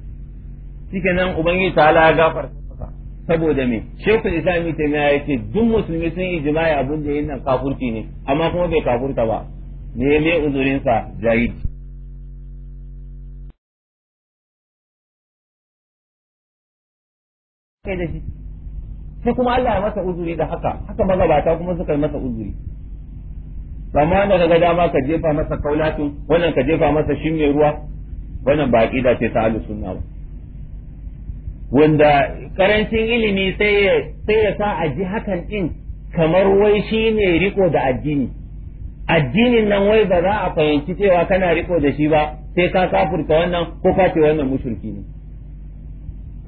shikenan ubangiji ta ala gafarta saboda me shekul islami ta ya ce duk musulmi sun ijma'i abin da yin nan kafurci ne amma kuma bai kafurta ba me me uzurin sa jahili kai da shi sai kuma Allah ya masa uzuri da haka haka magabata kuma suka yi masa uzuri ba ma daga dama ka jefa masa kaulatin wannan ka jefa masa mai ruwa wannan ba aqida ce ta alu sunna ba wanda karancin ilimi sai ya sai ya sa a ji hakan din kamar wai shine riko da addini addinin nan wai ba za a fahimci cewa kana riko da shi ba sai ka kafurta wannan ko ka ce wannan mushriki ne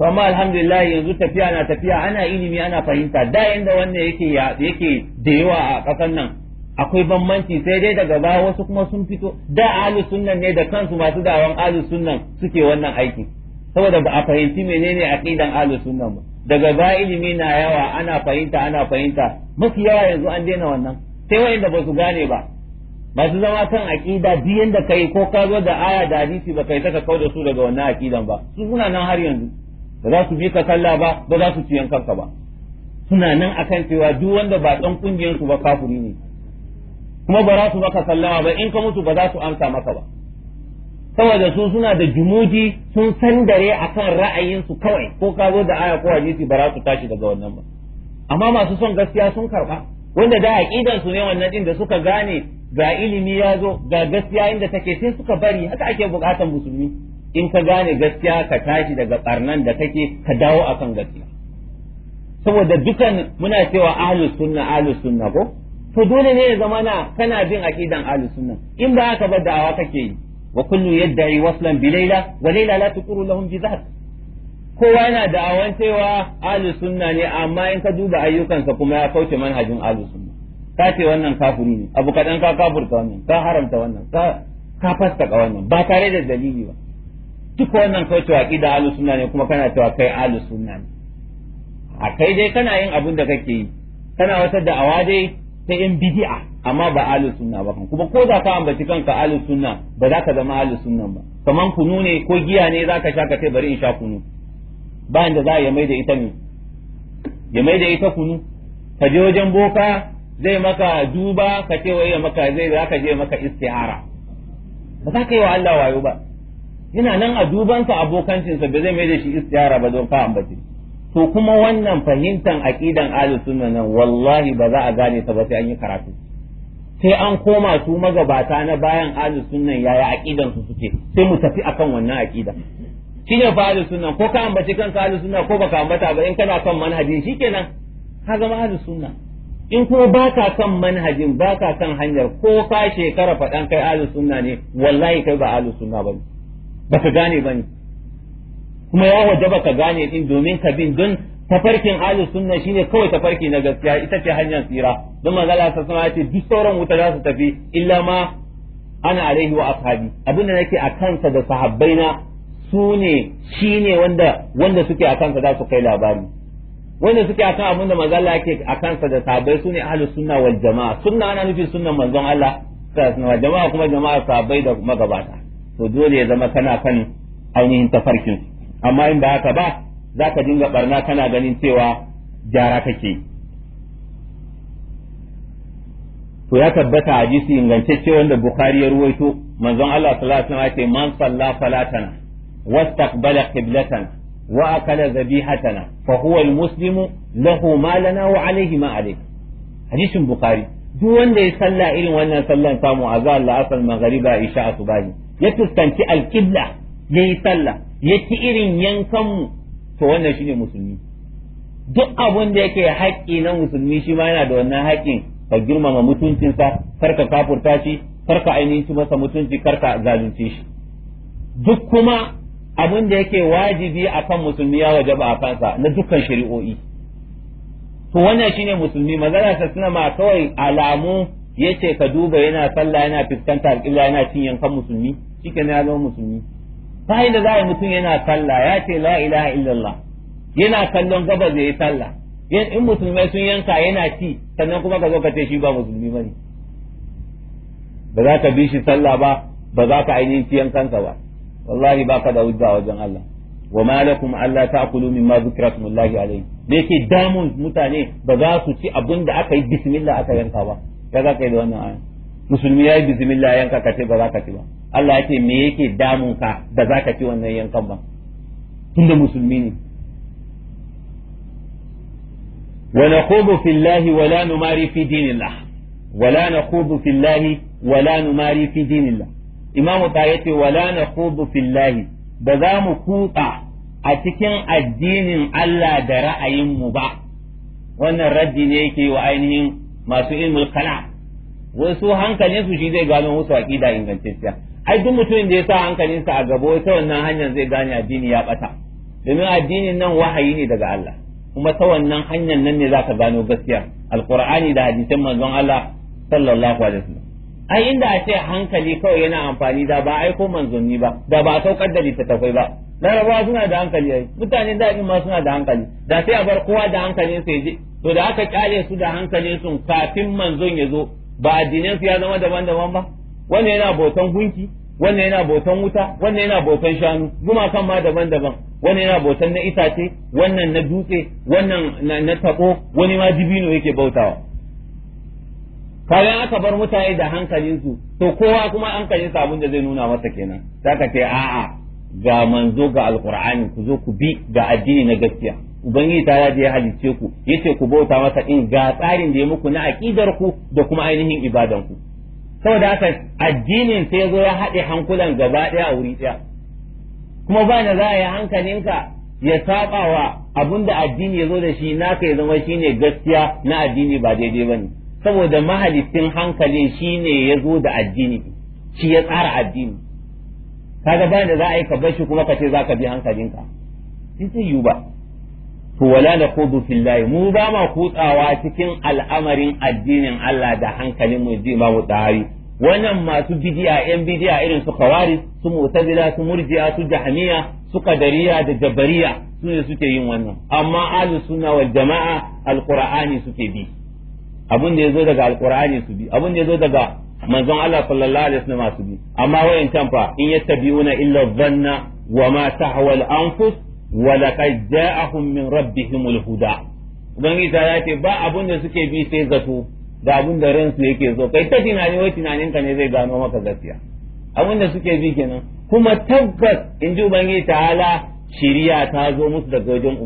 to amma alhamdulillah yanzu tafiya na tafiya ana ilimi ana fahimta da inda wannan yake yake da yawa a ƙasar nan akwai bambanci sai dai daga ba wasu kuma sun fito da ahlus sunnan ne da kansu masu dawon ahlus sunnan suke wannan aiki saboda ba a fahimci menene aqidan ahlus sunnan ba daga ba ilimi na yawa ana fahimta ana fahimta mafi yawa yanzu an daina wannan sai wa'inda ba su gane ba masu zama kan aqida duk yanda kai ko ka zo da aya da hadisi ba kai saka da su daga wannan aqidan ba su suna nan har yanzu ba za su bi ka sallah ba ba za su ciyan kanka ba suna nan akan cewa duk wanda ba dan kungiyar su ba kafiri ne kuma ba za su baka sallama ba in ka mutu ba za su amsa maka ba saboda su suna da jumudi sun san dare akan ra'ayin su kawai ko ka zo da aya ko hadisi ba za su tashi daga wannan ba amma masu son gaskiya sun karba wanda da aqidan su ne wannan din da suka gane ga ilimi ya zo ga gaskiya inda take sai suka bari haka ake bukatan musulmi in ka gane gaskiya ka tashi daga barnan da kake ka dawo a kan gaskiya saboda dukan muna cewa ahlus sunna ahlus sunna ko to dole ne ya zama na kana bin aqidan ahlus sunna in ba haka ba awa kake yi wa kullu yadda'i waslan bi layla wa layla la tuquru lahum dhahab kowa yana awan cewa ahlus sunna ne amma in ka duba ayyukansa kuma ya kauce manhajin ahlus sunna ka ce wannan kafiri ne abu kadan ka kafurta wannan ka haramta wannan ka ka fasta wannan ba tare da dalili ba duka wannan kai to aqida ahlus sunna ne kuma kana cewa kai ahlus sunna ne a kai dai kana yin abin da kake yi kana wata da'awa dai ta yin bid'a amma ba ahlus sunna ba kan kuma ko da ka ambaci kanka ahlus sunna ba za ka zama ahlus sunna ba kaman kunu ne ko giya ne za ka sha ka bari in sha kunu ba inda za ya mai da ita ne ya mai da ita kunu ka je wajen boka zai maka duba ka ce wai maka zai za ka je maka istihara ba za ka yi wa Allah wayo ba yana nan a dubansa abokancinsa ba zai mai da shi istiyara ba don ka ba to kuma wannan fahimtar aqidan ahlus sunna nan wallahi ba za a gane ta ba sai an yi karatu sai an koma su magabata na bayan ahlus sunna yaya aqidan su suke sai mu tafi akan wannan aqida shine fa ahlus sunna ko ka ambaci kan ahlus sunna ko baka ambata ba in kana kan manhaji shikenan ka zama ahlus sunna in kuma baka kan manhajin baka kan hanyar ko ka shekara faɗan kai ahlus sunna ne wallahi kai ba ahlus sunna ne baka gane bane kuma ya ba ka gane din domin ka bin don tafarkin ahlus sunna shine kawai tafarki na gaskiya ita ce hanyar tsira don manzo Allah sallallahu ya ce duk sauran wuta za su tafi illa ma ana alaihi wa ashabi abin da nake a kansa da sahabbaina su ne shi ne wanda wanda suke a kansa za su kai labari wanda suke kan abin da manzo yake a kansa da sahabbai su ne ahlus sunna wal jamaa sunna ana nufin sunnan manzon Allah sallallahu alaihi jama'a kuma jama'a sahabbai da magabata to dole ya zama kana kan ainihin tafarkin amma in ba haka ba za ka dinga barna kana ganin cewa jara kake to ya tabbata hadisi ingantacce wanda bukhari ya ruwaito manzon Allah sallallahu alaihi wasallam ce man salla salatan wastaqbala qiblatan wa akala zabihatana fa huwa almuslimu lahu ma lana wa alayhi ma alayhi hadisin bukhari duk wanda ya salla irin wannan sallan samu azal la asal maghriba isha subahi ya fuskanci alƙibla ya yi sallah ya ki irin yankanmu to wannan shi ne musulmi duk abin da yake haƙƙi na musulmi shi ma yana da wannan haƙƙin ka girmama mutuncinsa kar ka kafurta shi kar ka ainihin masa mutunci kar ka zalunce shi duk kuma abin da yake wajibi akan musulmi ya wajaba a kansa na dukkan shari'o'i to wannan shi ne musulmi magana ta suna ma kawai alamu yace ka duba yana sallah yana fuskantar alƙibla yana cin yankan musulmi shike ne alon musulmi ta da za a yi mutum yana sallah ya ce la ilaha illallah yana kallon gabas ya yi sallah in musulmai sun yanka yana ci sannan kuma ka zo ka ce shi ba musulmi ba ne ba za ka bi shi sallah ba ba za ka ainihin ci yankansa ba wallahi ba ka da hujja wajen Allah wa ma lakum alla ta'kulu mimma zikratullahi alayhi da yake damun mutane ba za su ci abin da aka yi bismillah aka yanka ba ya za ka yi da wannan aya musulmi ya yi bismillah yanka ka ce ba za ka ci ba Allah ya ce me yake damun ka da za ka ci wannan yankan ba tunda musulmi ne Wala nakhudu fillahi numari fi dinillah fillahi wala numari fi dinillah imamu ta yace wala la nakhudu fillahi ba za mu kutsa a cikin addinin Allah da ra'ayinmu ba wannan raddi ne yake wa ainihin masu ilmul kalam wasu hankalin su shi zai gano musu aqida ingantacciya ai duk mutumin da ya sa sa a gabo ta wannan hanyar zai gane addini ya bata domin addinin nan wahayi ne daga Allah kuma ta wannan hanyar nan ne zaka gano gaskiya alqur'ani da hadisin manzon Allah sallallahu alaihi wasallam ai inda a ce hankali kawai yana amfani da ba aiko manzonni ba da ba a saukar da littattafai ba larabawa suna da hankali ai mutane daɗin ma suna da hankali da sai a bar kowa da hankalin sa je to da aka kyale su da hankalin su kafin manzon ya zo ba addininsu su ya zama daban-daban ba wannan yana bautan gunki wannan yana bautan wuta wannan yana bautan shanu gumakan ma daban-daban wannan yana bautan na itace wannan na dutse wannan na tabo wani ma dibino yake bautawa kayan aka bar mutane da hankalinsu to kowa kuma hankalinsa abin da zai nuna masa kenan ka ce a'a ga manzo ga alqur'ani ku zo ku bi ga addini na gaskiya ubangiji ta yaje ya halicce ku yace ku bauta masa in eh, ga tsarin da ya muku na aqidar ku da kuma ainihin ibadan ku saboda haka addinin sai zo ya haɗe hankulan gaba ɗaya a wuri ɗaya kuma ba ni za a yi hankalinka ya saba wa abin da addini ya zo da shi naka ya zama shine gaskiya na addini ba daidai ba ne. saboda mahalicin hankalin ne ya zo da addini shi ya tsara addini kaga ba da za a yi ka bar kuma ka ce za ka bi hankalinka sai sai yiwu ba wala na kudu fillahi mu ba ma kutsawa cikin al'amarin addinin Allah da hankalin mu ji mu tsari wannan masu bidiya yan bidiya irin su kawari su mu'tazila su murji'a su jahmiya su qadariya da jabariya su ne suke yin wannan amma ahlu jama'a alqur'ani suke bi abin da yazo daga alqur'ani su bi abin da yazo daga manzon Allah sallallahu alaihi wasallam su bi amma wayan fa in yattabi'una illa dhanna wa ma tahwa al anfus wa laqad ja'ahum min rabbihimul ubangiji ta ce ba abun da suke bi sai zato da abun da ransu yake zo kai ta tunani wai tunaninka ne zai gano maka gaskiya abun da suke bi kenan kuma tabbas in ji ubangiji ala, shiriya ta zo musu daga wajen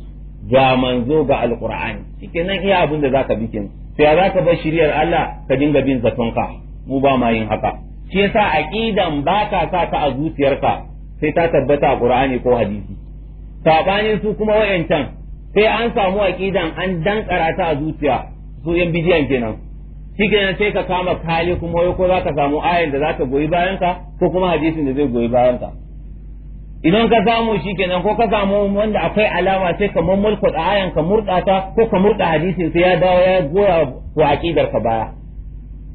su ga manzo ga alqur'ani kenan iya abun da zaka bi kenan sai zaka bar shiriyar Allah ka dinga bin zaton ka mu ba ma yin haka shi yasa aqidan baka sa ta a zuciyarka sai ta tabbata a ko hadisi sabanin su kuma wayancan sai an samu aqidan an dan ta a zuciya su yan bidiyan kenan shikenan sai ka kama kali kuma wai ko za ka samu ayan da za ka goyi bayan ka ko kuma hadisin da zai goyi bayan ka idan ka samu shi kenan ko ka samu wanda akwai alama sai ka mulku da ayan ka murdata ko ka murda hadisin sai ya dawo ya goya ku aqidar ka baya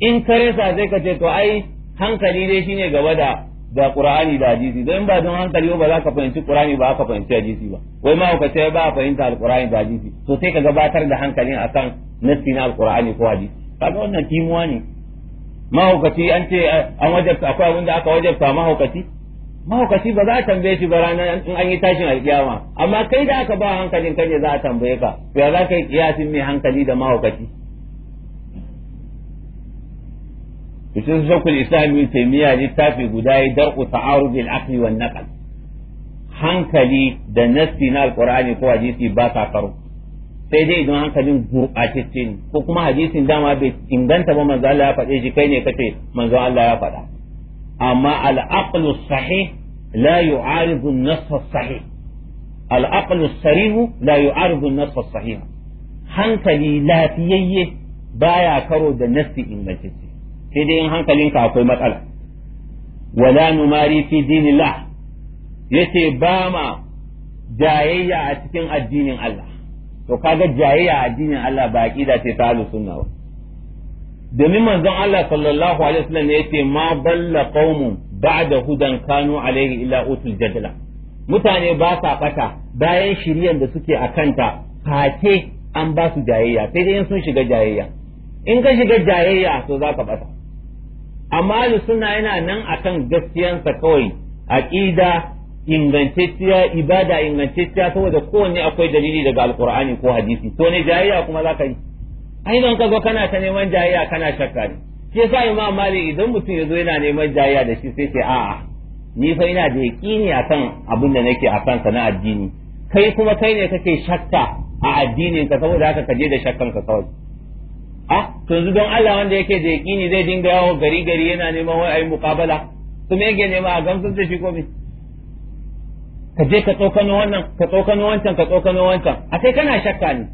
in ka resa sai ka ce to ai hankali dai shine gaba da da qur'ani da hadisi don ba don hankali ba za ka fahimci qur'ani ba ka fahimci hadisi ba wai ma ka ce ba fahimta alqur'ani da hadisi to sai ka gabatar da hankalin akan nassi na alqur'ani ko hadisi kaga wannan kimuwa ne mahaukaci an ce an wajabta akwai abin da aka wajabta mahaukaci mahaukaci ba za a tambaye shi ba ranar in an yi tashin alkiyama amma kai da aka ba hankalin kai za a tambaye ka ya za ka yi kiyasin mai hankali da mahaukaci cikin shakul islam ibn taymiya littafi guda ya dar'u ta'arud al-aqli hankali da nassi na alqur'ani ko hadisi ba sa karo sai dai idan hankalin gurɓatacce ne ko kuma hadisin dama bai inganta ba manzo Allah ya faɗe shi ne kace manzo Allah ya faɗa amma al-aqlu la yu'aridu an-nass la hankali lafiyayye baya karo da nassi ingantacce sai dai in hankalinka akwai matsala wala numari fi dinillah yace ba ma jayayya a cikin addinin Allah to kaga jayayya a addinin Allah ba aqida ce ta ahlus sunna ba domin manzon Allah sallallahu alaihi wasallam yace ma balla qaumun ba'da hudan kanu alaihi illa utul jadala mutane ba sa bata bayan shiryan da suke a kanta kake an ba su jayayya sai dai sun shiga jayayya in ka shiga jayayya to za ka bata amma suna sunna yana nan akan gaskiyansa kawai aqida ingantacciya ibada ingantacciya saboda kowanne akwai dalili daga alqur'ani ko hadisi to ne jayayya kuma zaka yi ai don kaga kana ta neman jayayya kana shakka ne ke sa imam malik idan mutum ya zo yana neman jayayya da shi sai ce a'a ni fa ina da yaqini akan abin da nake akan sa na addini kai kuma kai ne kake shakka a addinin ka saboda haka ka je da shakkan ka kawai a to yanzu don Allah wanda yake da yakini zai dinga yawo gari gari yana neman wai ayi Su me yake nema a gamsar da shi ko me ka je ka tsokano wannan ka tsokano wancan ka tsokano wancan a sai kana shakka ni.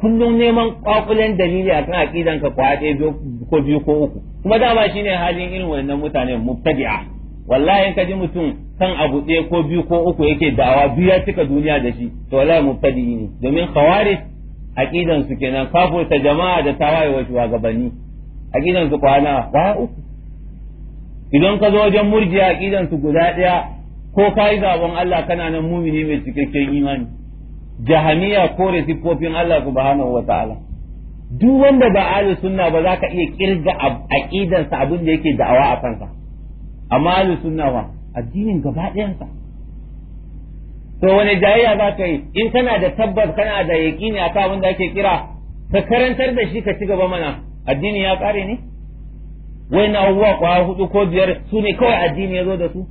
kullum neman kwakulen dalili a kan aqidan ka kwa ɗaya ko biyu ko uku kuma dama shine halin irin wannan mutane mubtadi'a wallahi in ka ji mutum kan abu ɗaya ko biyu ko uku yake dawa biyu ya cika duniya da shi to wallahi mubtadi'i ne domin khawarij aqidan su kenan ta jama'a da tawaye wa shugabanni aqidan su kwana ba uku idan ka zo wajen murjiya aqidan su guda daya ko kai zaben Allah kana nan mumini mai cikakken imani jahamiya ko resifofin Allah subhanahu wataala duk wanda ba ahlus sunna ba za ka iya kirga aqidan sa abin da yake da'awa a kansa amma ahlus sunna wa addinin gaba sa. to wani jayayya za ka yi in kana da tabbas kana da ne a kan da ake kira ka karantar da shi ka ci gaba mana addini ya ƙare ne wai na abubuwa kwa hudu ko biyar su ne kawai addini ya zo da su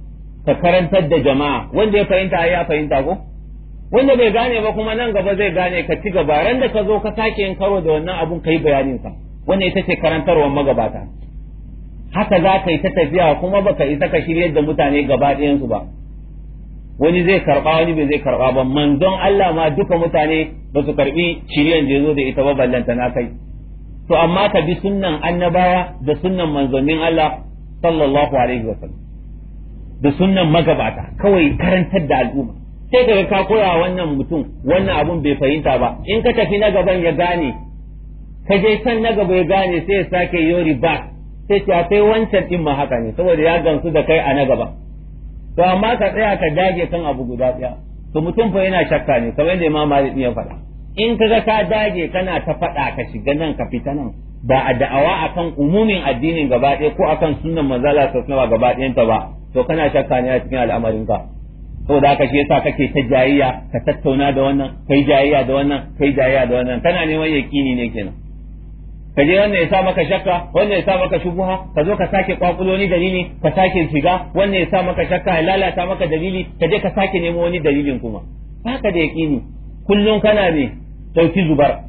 ka karantar da jama'a wanda ya fahimta ya fahimta ko wanda bai gane ba kuma nan gaba zai gane ka ci gaba ran da ka zo ka sake yin karo da wannan abun ka yi bayanin sa wanda ita ce karantarwar magabata haka za ka yi ta tafiya kuma baka isa ka shiryar da mutane gaba ɗayansu ba wani zai karba wani bai zai karba ba manzon Allah ma duka mutane ba su karbi shiriyan da zo da ita ba ballanta na kai to amma ka bi sunnan annabawa da sunnan manzonin Allah sallallahu alaihi wa sallam da sunnan magabata kawai karantar da al'umma sai daga ka koya wannan mutum wannan abun bai fahimta ba in ka tafi na gaban ya gane ka je san na gaba ya gane sai ya sake yori ba sai ce sai wancan din ma haka ne saboda ya gamsu da kai a na gaba to amma ka tsaya ka dage kan abu guda ɗaya to mutum fa yana shakka ne kamar yadda Imam Malik ya faɗa in ka ga ka dage kana ta faɗa ka shiga nan ka fita nan ba a da'awa akan umumin addinin gaba ɗaya ko akan sunnan manzala ta sunna gaba ɗayanta ba to kana shakka ne a cikin al'amarin ka saboda haka shi yasa kake ta jayayya ka tattauna da wannan kai jayayya da wannan kai jayayya da wannan kana neman yaqini ne kenan ka je wannan ya sa maka shakka wannan ya sa maka shubuha ka zo ka sake kwakulo ni dalili ka sake shiga wannan ya sa maka shakka ya lalata maka dalili ka je ka sake nemo wani dalilin kuma haka da yaqini kullun kana ne dauki zubar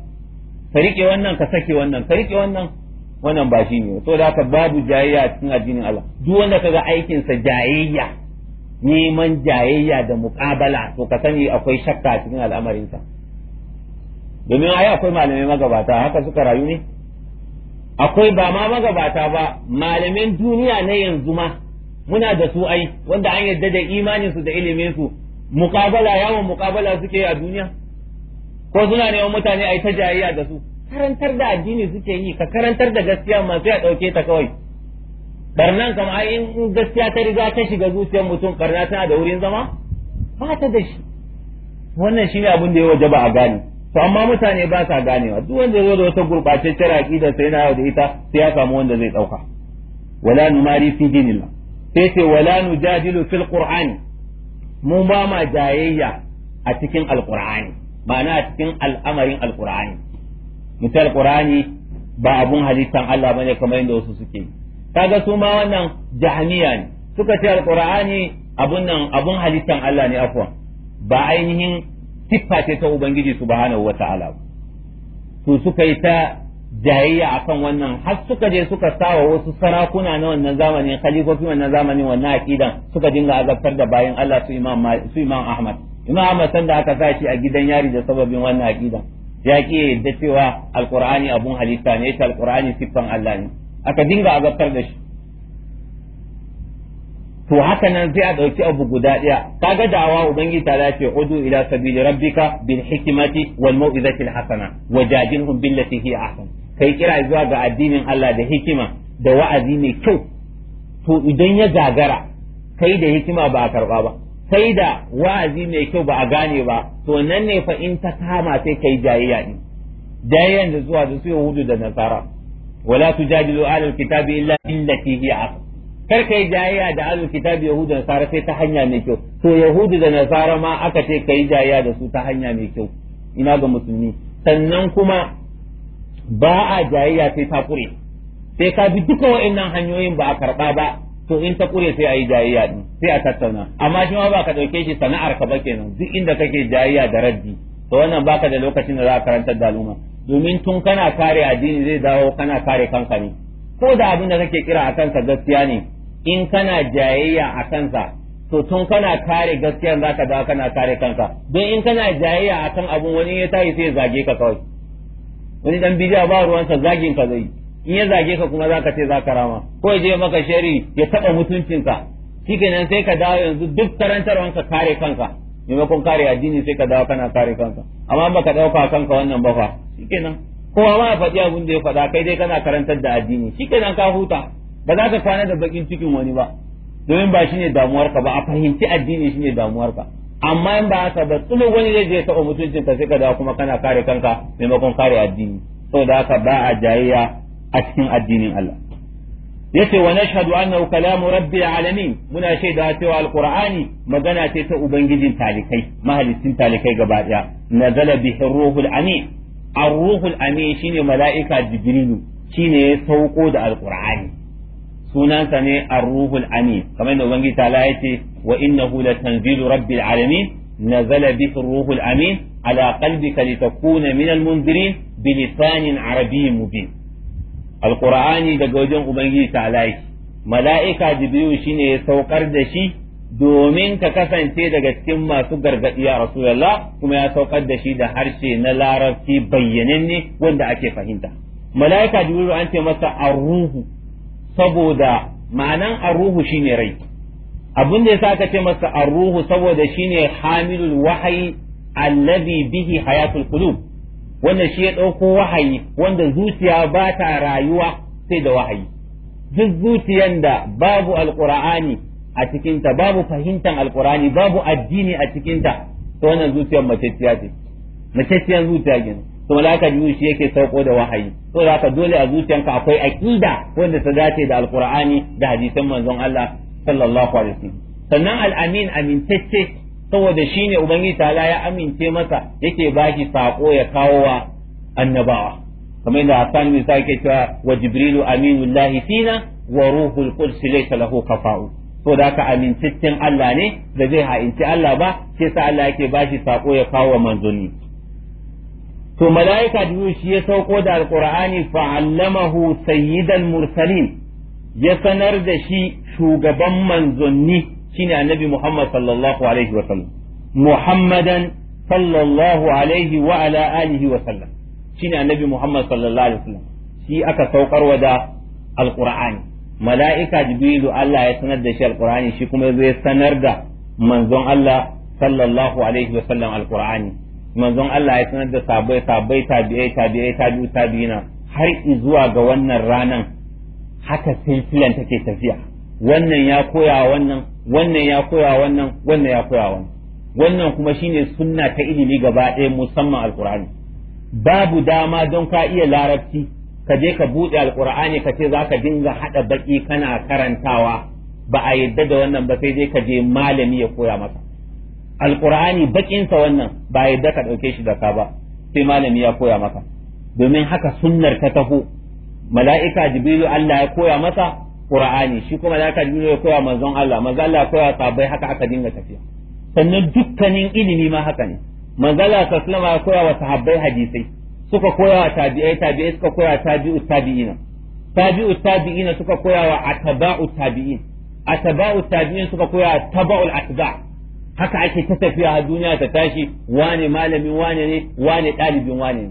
ka rike wannan ka sake wannan ka rike wannan wannan ba shi ne to da haka babu jayayya cikin addinin Allah duk wanda kaga aikin sa jayayya neman jayayya da muqabala to ka sani akwai shakka cikin al'amarinsa domin ai akwai malamai magabata haka suka rayu ne akwai ba ma magabata ba malamin duniya na yanzu ma muna da su ai wanda an yarda da imanin su da ilimin su mukabala yawon mukabala suke yi a duniya ko suna neman mutane ai ta jayayya da su karantar da addini suke yi ka karantar da gaskiya ma sai a ta kawai barnan kam ai in gaskiya ta riga ta shiga zuciyar mutum barna tana da wurin zama ba ta da shi wannan shine abin da ya wajaba a gani to amma mutane ba sa ganewa duk wanda ya zo da wata gurbataccen da sai na da ita sai ya samu wanda zai dauka wala numari fi dinillah sai ce wala nujadilu fil qur'an mu ba ma jayayya a cikin alqur'ani ma'ana a cikin al'amarin alqur'ani misal qur'ani ba abun halittan Allah bane kamar yadda wasu suke kaga su ma wannan jahmiya ne suka ce alqur'ani abun nan abun halittan Allah ne afwan ba ainihin siffa ce ta ubangiji subhanahu wata'ala Su suka yi ta jayayya kan wannan har suka je suka sawa wasu sarakuna na wannan zamanin khalifofi wannan zamanin wannan aqidan suka dinga azabtar da bayan Allah su imam Ahmad imam Ahmad san da aka sashi a gidan yari da sababin wannan aqidan ya ki yadda cewa alqur'ani abun halitta ne ita alqur'ani siffan Allah ne aka dinga azabtar da shi to haka nan sai a ɗauki abu guda ɗaya kaga dawa ubangiji ta ce udu ila sabili rabbika bil hikmati wal mau'izati al hasana wajadilhum billati hi ahsan kai kira zuwa ga addinin Allah da hikima da wa'azi mai kyau to idan ya gagara kai da hikima ba a karba ba kai da wa'azi mai kyau ba a gane ba to nan ne fa in ta kama sai kai jayayya ne jayayyan da zuwa da su yahudu da nasara wala tujadilu ahlul kitabi illa billati hi ahsan kar yi jayayya da ahlul kitabi yahudu da nasara sai ta hanya mai kyau to yahudu da nasara ma aka ce ka yi jayayya da su ta hanya mai kyau ina ga musulmi sannan kuma ba a jayayya sai ta kure sai ka bi duka wa'annan hanyoyin ba a karba ba to in ta kure sai a yi jayayya din sai a tattauna amma shi ma ba ka dauke shi sana'ar ka ba kenan duk inda kake jayayya da raddi to wannan baka da lokacin da za ka karanta da al'umma domin tun kana kare addini zai dawo kana kare kanka ne ko da abin da kake kira a kansa gaskiya ne in kana jayayya a kansa to tun kana kare gaskiyar za ka dawo kana kare kanka don in kana jayayya a kan abun wani ya tayi sai ya zage ka kawai wani dan bidiya ba ruwansa zagin ka zai in ya zage ka kuma za ka ce za ka rama ko ya je maka sharri ya taɓa mutuncinka shikenan sai ka dawo yanzu duk karantarwanka kare kanka maimakon kare addini sai ka dawo kana kare kanka amma baka ɗauka kanka wannan ba fa shikenan kowa ma ya faɗi abin da ya faɗa kai dai kana karantar da addini shikenan ka huta ba za ka kwana da bakin cikin wani ba domin ba shine damuwarka ba a fahimci addini shine damuwarka amma in ba haka ba tsuma wani zai je taɓa mutuncin ka sai ka dawo kuma kana kare kanka maimakon kare addini saboda haka ba a jayayya a cikin addinin Allah yace wa nashhadu annahu kalamu rabbil alamin muna shaida cewa alqur'ani magana ce ta ubangijin talikai mahalicin talikai gaba daya nazala bihi ruhul amin ar-ruhul amin shine mala'ika jibrilu shine ya sauko da alqur'ani sunansa ne ar amin kamar da ubangiji ta ya ce wa innahu la tanzilu rabbil alamin nazala bihi ar-ruhul amin ala qalbika litakuna min al-munzirin bi lisanin arabiyyin mubin alqur'ani daga wajen ubangiji ta ya mala'ika jibril shine ya saukar da shi domin ka kasance daga cikin masu gargaɗi a rasulullah kuma ya saukar da shi da harshe na larabci bayyananne wanda ake fahimta mala'ika jibril an ce masa ar-ruhu saboda ma'anan arruhu shine rai abin da yasa aka ce masa arruhu saboda shine hamilul wahayi allazi bihi hayatul qulub wannan shi ya dauko wahayi wanda zuciya ba ta rayuwa sai da wahayi duk zuciyan da babu alqur'ani a cikinta babu fahimtar alqur'ani babu addini a cikinta to wannan zuciyar mace ce zuciya to malaka jibril shi yake sauko da wahayi to zaka dole a zuciyanka akwai aqida wanda ta dace da alqur'ani da hadisan manzon Allah sallallahu alaihi wasallam sannan al-amin amintacce saboda shine ubangiji ta'ala ya amince masa yake bashi sako ya kawo wa annabawa kamar yadda Hassan bin Sa'id ke cewa wa jibrilu aminullahi fina wa ruhul quds laysa lahu kafa'u so da ka amintaccen Allah ne da zai ha'inci Allah ba sai sa Allah yake bashi sako ya kawo wa manzoni to mala'ika biyu shi ya sauko da alqur'ani allamahu sayyidal mursalin ya sanar da shi shugaban manzanni shine annabi Muhammad sallallahu alaihi wa sallam Muhammadan sallallahu alaihi wa ala alihi wa sallam shine annabi Muhammad sallallahu alaihi wa sallam shi aka saukarwa da alqur'ani mala'ika jibrilu Allah ya sanar da shi alqur'ani shi kuma zai sanar da manzon Allah sallallahu alaihi wa sallam alqur'ani manzon Allah ya sanar da sabai sabai tabi'ai tabi'ai tabi'u tabi'ina har zuwa ga wannan ranan haka filan take tafiya wannan ya koya wannan wannan ya koya wannan wannan ya koya wannan wannan kuma shine sunna ta ilimi gaba ɗaya musamman alqur'ani babu dama don ka iya larabci ka je ka buɗe alqur'ani ka ce zaka dinga hada baki kana karantawa ba a yadda da wannan ba sai dai ka je malami ya koya maka alkur'ani bakin sa wannan ba yadda ka ɗauke shi zaka ba sai malami ya koya maka domin haka sunnar ta taho mala'ika jibrilu Allah ya koya masa qur'ani shi kuma mala'ika jibrilu ya koya manzon Allah manzon Allah ya koya sabai haka aka dinga tafiya sannan dukkanin ilimi ma haka ne manzon Allah sallallahu ya koya wa sahabbai hadisai suka koya wa tabi'ai tabi'ai suka koya tabi'u tabi'ina tabi'u tabi'ina suka koya wa atba'u tabi'in atba'u tabi'in suka koya taba'ul atba' haka ake ta tafiya a duniya ta tashi wane malami wane ne wane ɗalibin wane ne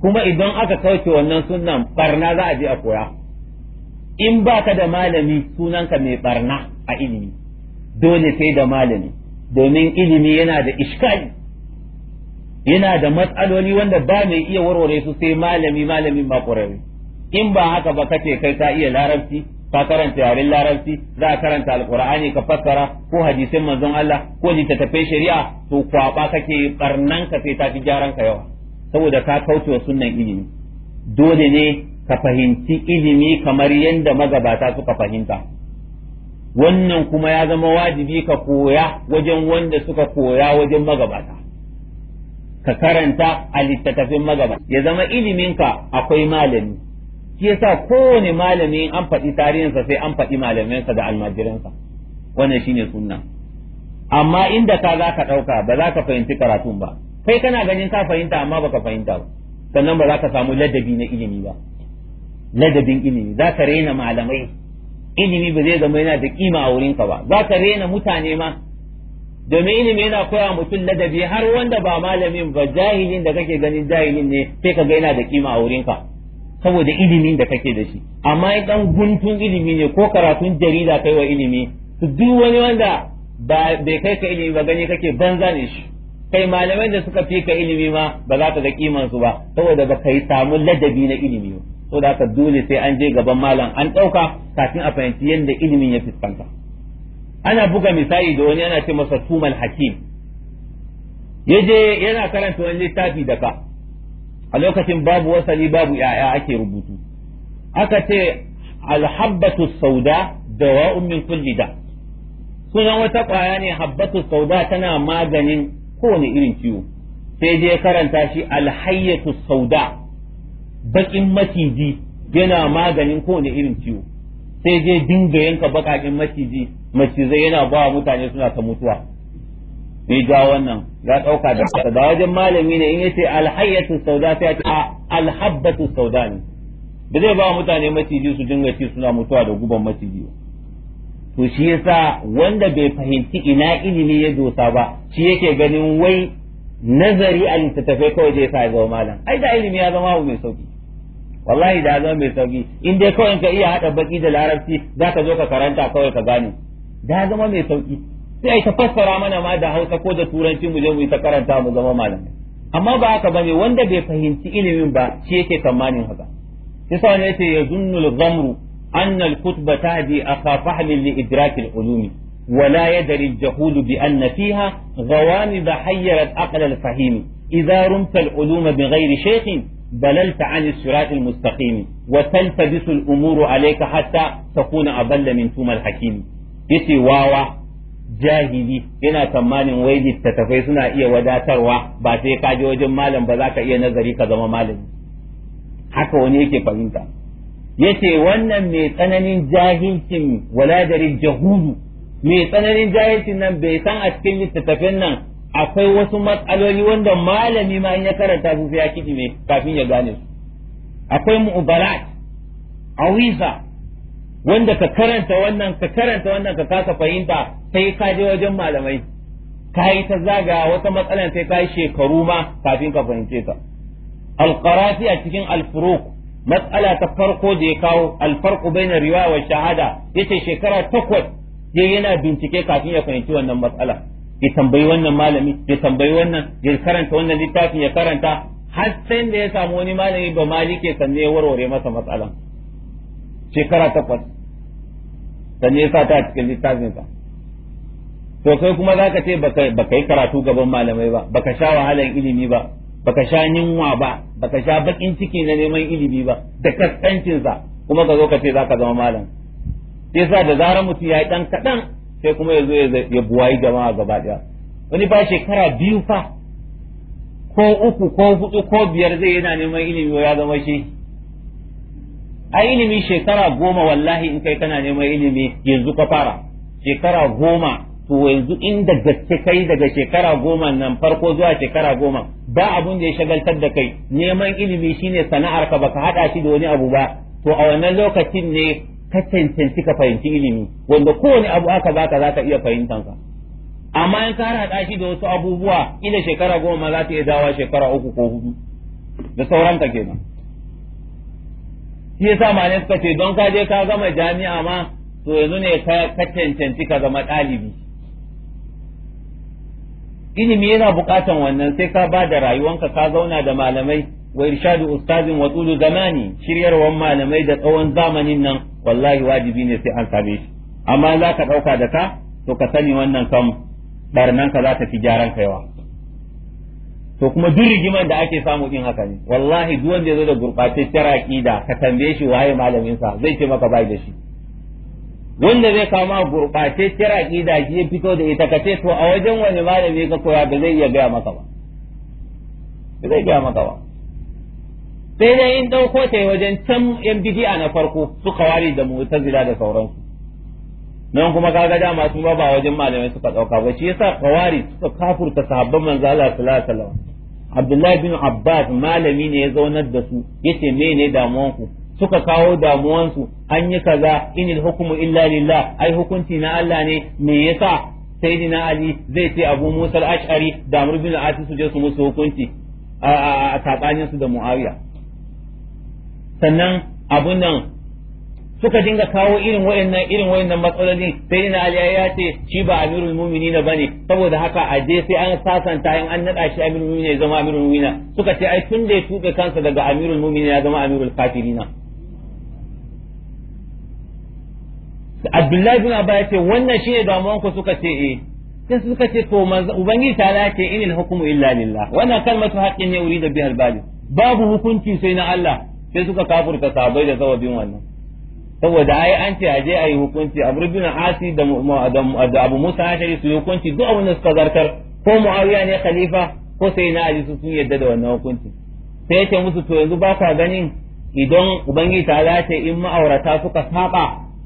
kuma idan aka kauce wannan sunan barna za a je a koya in ba ka da malami sunanka mai barna a ilimi dole sai da malami domin ilimi yana da iskali yana da matsaloli wanda ba mai iya warware su sai malami malamin ba in ba haka ba kace kai ka iya larabci ka karanta yaren larabci za a karanta alkur'ani ka fassara ko hadisin manzon Allah ko littattafai shari'a to kwaba kake barnan ka sai ta fi gyaran ka yawa saboda ka kauce wa sunnan ilimi dole ne ka fahimci ilimi kamar yadda magabata suka fahimta wannan kuma ya zama wajibi ka koya wajen wanda suka koya wajen magabata ka karanta a littattafin magabata ya zama iliminka akwai malami shi yasa kowane malami an faɗi tarihinsa sai an faɗi malamansa da almajiransa wannan shine sunna amma inda ka za ka ɗauka ba za ka fahimci karatun ba kai kana ganin ka fahimta amma baka fahimta ba sannan ba za ka samu ladabi na ilimi ba ladabin ilimi za ka rena malamai ilimi ba zai zama yana da kima a wurinka ba za ka rena mutane ma domin ilimi yana koya mutum ladabi har wanda ba malamin ba jahilin da kake ganin jahilin ne sai ka ga yana da kima a wurinka saboda ilimin da kake da shi amma in guntun ilimi ne ko karatun jarida kai wa ilimi to duk wani wanda ba bai kai ka ilimi ba gani kake banza ne shi kai malamai da suka fi ka ilimi ma ba za ka ga kiman ba saboda ba kai samu ladabi na ilimi ba saboda ka dole sai an je gaban malam an ɗauka kafin a fahimci yadda ilimin ya fuskanta ana buga misali da wani yana ce masa tumal hakim yaje yana karanta wani littafi da ka a lokacin babu wasali babu ‘ya'ya ake rubutu aka ce alhabbatu sauda dawa'un min kulli da sunan wata ƙwaya ne habbatu sauda tana maganin kowane irin ciwo sai je karanta shi alhayyatu sauda bakin maciji yana maganin kowane irin ciwo sai je dinga yanka bakakin maciji macizai yana ba mutane suna ta mutuwa n'i ja wannan ya ɗauka da fata da wajen malami ne in yace alhayyatu sauda sai a alhabbatu sauda ne da zai ba mutane maciji su dinga ci suna mutuwa da guban maciji to shi yasa wanda bai fahimci ina ilimi ya dosa ba shi yake ganin wai nazari a littattafai kawai zai sa ga malam ai da ilimi ya zama abu mai sauki wallahi da zama mai sauki in dai kawai ka iya haɗa baki da larabci za ka zo ka karanta kawai ka gane da zama mai sauki sai ta fassara mana ma da hausa ko da turanci mu je mu yi ta karanta mu zama malamai amma ba haka bane wanda bai fahimci ilimin ba shi yake tsammanin haka shi sa ne yace yazunnul zamru anna al kutba tahdi aqa fahl li idrak al ulum wa la yadri al jahul bi anna fiha ghawanib hayyarat aql al fahim idha rumta al ulum bi ghairi shaykh بللت عن الصراط المستقيم وتلتبس الامور عليك حتى تكون a من ثم الحكيم. يتي واوا jahili yana tsammanin wai littattafai suna iya wadatarwa ba sai ka je wajen malam ba za ka iya nazari ka zama malami haka wani yake fahimta yace wannan mai tsananin jahilcin waladarin jahudu mai tsananin jahilcin nan bai san a cikin littattafin nan akwai wasu matsaloli wanda malami ma in ya karanta su sai ya kiɗi mai kafin ya gane su akwai mu'ubarat awisa wanda ka karanta wannan ka karanta wannan ka kasa fahimta sai ka je wajen malamai ka yi ta zaga wata matsala sai ka yi shekaru ma kafin ka fahimce ta alqarafi a cikin alfuruq matsala ta farko da ya kawo alfarqu bainar riwaya wa shahada yace shekara takwas ya yana bincike kafin ya fahimci wannan matsala ya tambayi wannan malami ya tambayi wannan ya karanta wannan littafin ya karanta har sai da ya samu wani malami ba malike sanne ya warware masa matsalan shekara takwas sannan ya sa ta a cikin littafinsa to kai kuma za ka ce ba ka yi karatu gaban malamai ba ba ka sha wahalan ilimi ba ba ka sha yunwa ba ba ka sha bakin ciki na neman ilimi ba da sa kuma ka zo ka ce za ka zama malam sai sa da zarar mutum ya yi ɗan kaɗan sai kuma ya zo ya buwayi jama'a gaba ɗaya wani ba shekara biyu fa ko uku ko hudu ko biyar zai yana neman ilimi ya zama shi a ilimi shekara goma wallahi in kai kana neman ilimi yanzu ka fara shekara goma to yanzu inda gaske kai daga shekara goma nan farko zuwa shekara goma ba abun da ya shagaltar da kai neman ilimi shine sana'ar ka baka hada shi da wani abu ba to a wannan lokacin ne ka cancanci ka fahimci ilimi wanda kowane abu aka baka zaka iya ka amma in ka hada shi da wasu abubuwa ila shekara goma za ta iya dawa shekara uku ko hudu da sauranka kenan shi yasa malamai suka ce don ka je ka gama jami'a ma to yanzu ne ka cancanci ka zama ɗalibi ilimi yana buƙatan wannan sai ka ba da rayuwanka ka zauna da malamai wa irshadu ustazin wa tulu zamani shiryarwan malamai da tsawon zamanin nan wallahi wajibi ne sai an same shi amma za ka ɗauka da ka to ka sani wannan kan barnan za ta fi gyaran kaiwa to kuma duk rigiman da ake samu din haka ne wallahi duk wanda ya zo da gurɓatacciyar aƙida ka tambaye shi waye malamin sa zai ce maka bai da shi wanda zai kama gurɓace aƙida shi ya fito da ita ka ce to a wajen wani malami ka koya ba zai iya gaya maka ba zai gaya maka ba sai dai in ɗauko ta wajen can yan bidi'a na farko su kawari da mu'tazila da sauransu nan kuma kaga dama sun ba ba wajen malamai suka dauka ba shi yasa kawari suka kafurta sahabban manzo Allah sallallahu alaihi wasallam Abdullahi bin Abbas malami ne ya zaunar da su yace mene damuwan ku suka kawo damuwan su an yi kaza inil hukmu illa lillah ai hukunci na Allah ne me yasa sayyidina Ali zai ce Abu Musa al-Ash'ari da Amr bin al su je su musu hukunci a tsakanin su da Muawiya sannan abun nan suka dinga kawo irin wayannan irin wayannan matsaloli sai na Aliya ya ce shi ba amirul mu'minin bane saboda haka a je sai an sasanta in an nada shi amirul mu'minin ya zama amirul mu'minin suka ce ai tun da ya tuke kansa daga amirul mu'minin ya zama amirul kafirina Abdullahi bin Abba ya ce wannan shine damuwan ku suka ce eh sai suka ce to ubangiji ta lace inil hukumu illa lillah wannan kalmatu haqqin ne urida bihal albali. babu hukunci sai na Allah sai suka kafurta sahabbai da zawabin wannan saboda ai an ce aje a yi hukunci a bin asi da abu musa ashari su yi hukunci duk abin da suka zartar ko muawiya ne khalifa ko sai na aji su sun yadda da wannan hukunci sai yace musu to yanzu ba kwa ganin idan ubangiji ta ce in ma'aurata suka saba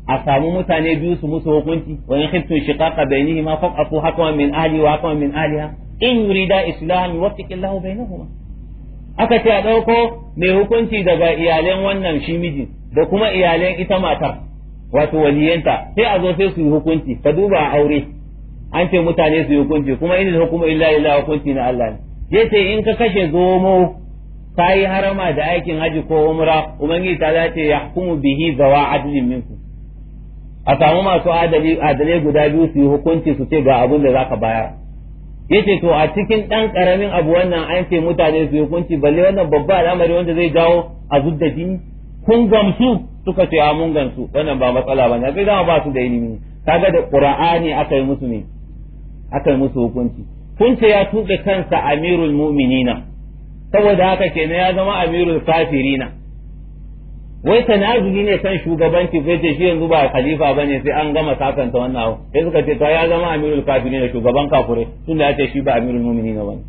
a samu mutane biyu su musu hukunci wa in khiftu shiqaqa bainihima faqafu Hakaman, min ahli wa min ahliha in yurida islahan yuwaffiq bainahuma aka ce a ɗauko mai hukunci daga iyalan wannan shi miji da kuma iyalan ita matar wato waliyanta sai a zo sai su yi hukunci ka duba a aure an ce mutane su yi hukunci kuma inil hukuma illa illa hukunci na Allah ne ce in ka kashe zomo ka yi harama da aikin haji ko umra ubangiji ta za ta yahkumu bihi zawa adlin minku a samu masu adali adalai guda biyu su yi hukunci su ce ga abin da za ka bayar yace to a cikin dan karamin abu wannan an ce mutane su hukunci balle wannan babba al'amari wanda zai jawo a zudda jini kun gamsu suka ce a mun gamsu wannan ba matsala ne sai dama ba su da ilimi kaga da qur'ani aka yi musu ne aka yi musu hukunci kun ce ya tuke kansa amirul mu'minina saboda haka kenan ya zama amirul kafirina wai tanazuli ne kan shugabanci sai ce shi yanzu ba khalifa bane sai an gama sakanta wannan abu sai suka ce to ya zama amirul kafirin shugaban kafirai tunda ya ce shi ba amirul mu'minin bane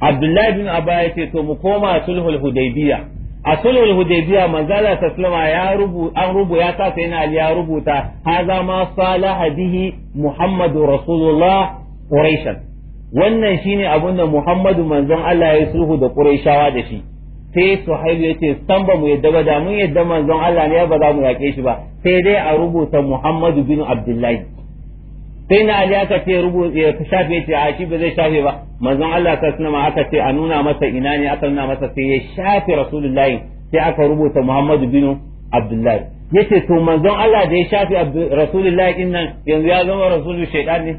abdullahi bin abba ya ce to mu koma sulhul hudaybiya a sulhul hudaybiya manzala taslama ya rubuta an rubu ya sa sai na ali ya rubuta haza ma salaha bihi muhammadu rasulullah quraishan wannan shine abin da muhammadu manzon Allah ya sulhu da quraishawa da shi sai suhaib ya ce san ba mu yadda ba da mun yadda manzon Allah ne ba za mu yaƙe shi ba sai dai a rubuta Muhammadu bin Abdullahi sai na Ali aka ce ya shafe ce a shi ba zai shafe ba manzon Allah ta suna ma aka ce a nuna masa ina ne aka nuna masa sai ya shafe Rasulullahi sai aka rubuta Muhammadu bin Abdullahi Ya ce to manzon Allah da ya shafe Rasulullahi din nan yanzu ya zama rasulul shaytan ne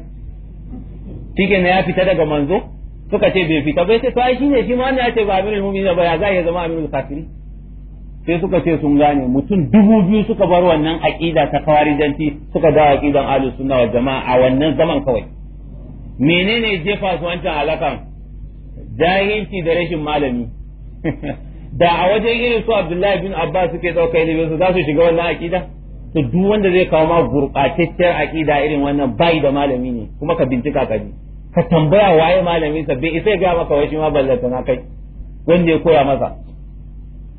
shike ne ya fita daga manzo suka ce bai fita bai sai to ai shine shi ma wannan ya ce ba amirul mu'minin ba ya zai ya zama amirul kafiri sai suka ce sun gane mutum dubu biyu suka bar wannan aqida ta kawarijanti suka dawo aqidan ahlus sunna wal jamaa a wannan zaman kawai menene jefa su wancan alakan jahilci da rashin malami da a wajen irin su Abdullahi bin Abbas suke dauka ilimin su za su shiga wannan aqida to duk wanda zai kawo ma gurbatacciyar aqida irin wannan bai da malami ne kuma ka bincika ka ji ka tambaya waye malamin sa bai sai ga maka wai shi ma ballanta na kai wanda ya koya masa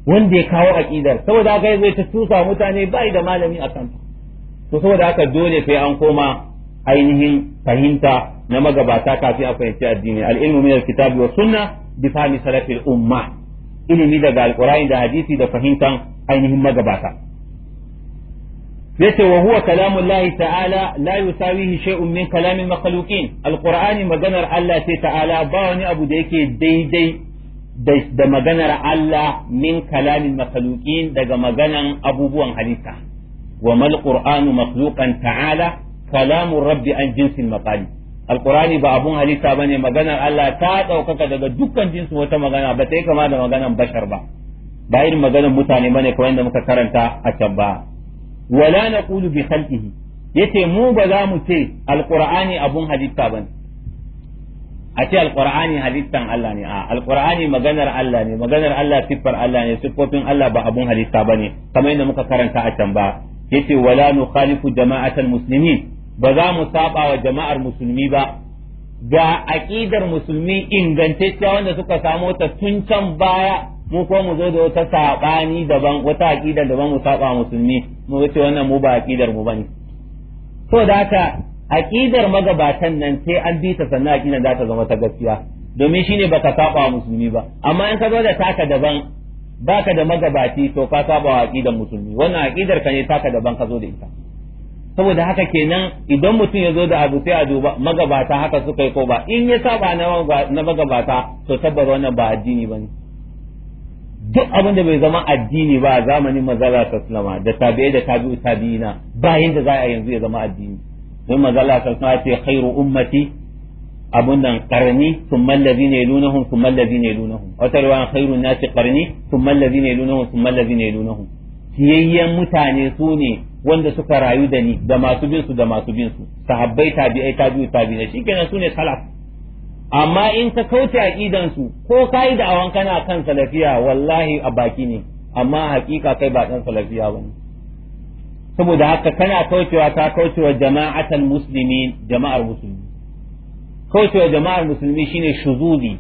wanda ya kawo aqidar saboda haka zai ta tusa mutane bai da malami a kanta to saboda haka dole sai an koma ainihin fahimta na magabata kafin a fahimci addini al-ilmu min al kitab wa sunna bi fahmi salafil umma ilimi daga al-qur'ani da hadisi da fahimtan ainihin magabata yace wa huwa kalamun lahi ta'ala la yusawihi shay'un min kalamin makhluqin alqur'ani maganar Allah ce ta'ala ba wani abu da yake daidai da maganar Allah min kalamin makhluqin daga maganan abubuwan halitta wa mal qur'anu makhluqan ta'ala kalamun rabbi an jinsin maqali alqur'ani ba abun halitta bane maganar Allah ta daukaka daga dukkan jinsin wata magana ba ta yi kama da maganan bashar ba ba irin maganar mutane bane kamar da muka karanta a can ba wala ƙulu bi khalqihi yace mu ba za mu ce alqur'ani abun halitta bane a ce alqur'ani halittan Allah ne a alqur'ani maganar Allah ne maganar Allah siffar Allah ne siffofin Allah ba abun halitta bane kamar yadda muka karanta a can ba yace walanu nukhalifu jama'atal muslimin ba za mu saɓa wa jama'ar musulmi ba ga aƙidar musulmi ingantacciya wanda suka samo ta tun can baya mu ko mu zo da wata saɓani daban wata aƙidar daban mu saba musulmi mu wuce wannan mu ba aqidar mu bane to da haka aqidar magabatan nan sai an bi ta sannan aqidar za ta zama ta gaskiya domin shine baka saba musulmi ba amma in ka zo da taka daban baka da magabati to ka saba wa aqidar musulmi wannan aqidar ka ne taka daban ka zo da ita saboda haka kenan idan mutum ya zo da abu sai a duba magabata haka suka yi ko ba in ya saba na magabata to tabbar wannan ba addini bane duk abin da bai zama addini ba a zamanin mazala ta sulama da tabi'ai da tabi'u tabi'ina bayan da za a yanzu ya zama addini don mazala ta sulama ce khairu ummati abun nan karni thumma allazina yalunahum thumma allazina yalunahum wa tarwa khairu nasi qarni thumma allazina yalunahum thumma allazina yalunahum fiyayyen mutane su ne wanda suka rayu da ni da masu bin su da masu bin su sahabbai tabi'ai tabi'u tabi'ina shikenan su ne salaf amma in ka kauce aqidan su ko kai da awan kana kan salafiya wallahi a baki ne amma hakika kai ba kan salafiya bane saboda haka kana kaucewa ta kaucewa jama'atan muslimin jama'ar musulmi kaucewa jama'ar musulmi shine shuzuli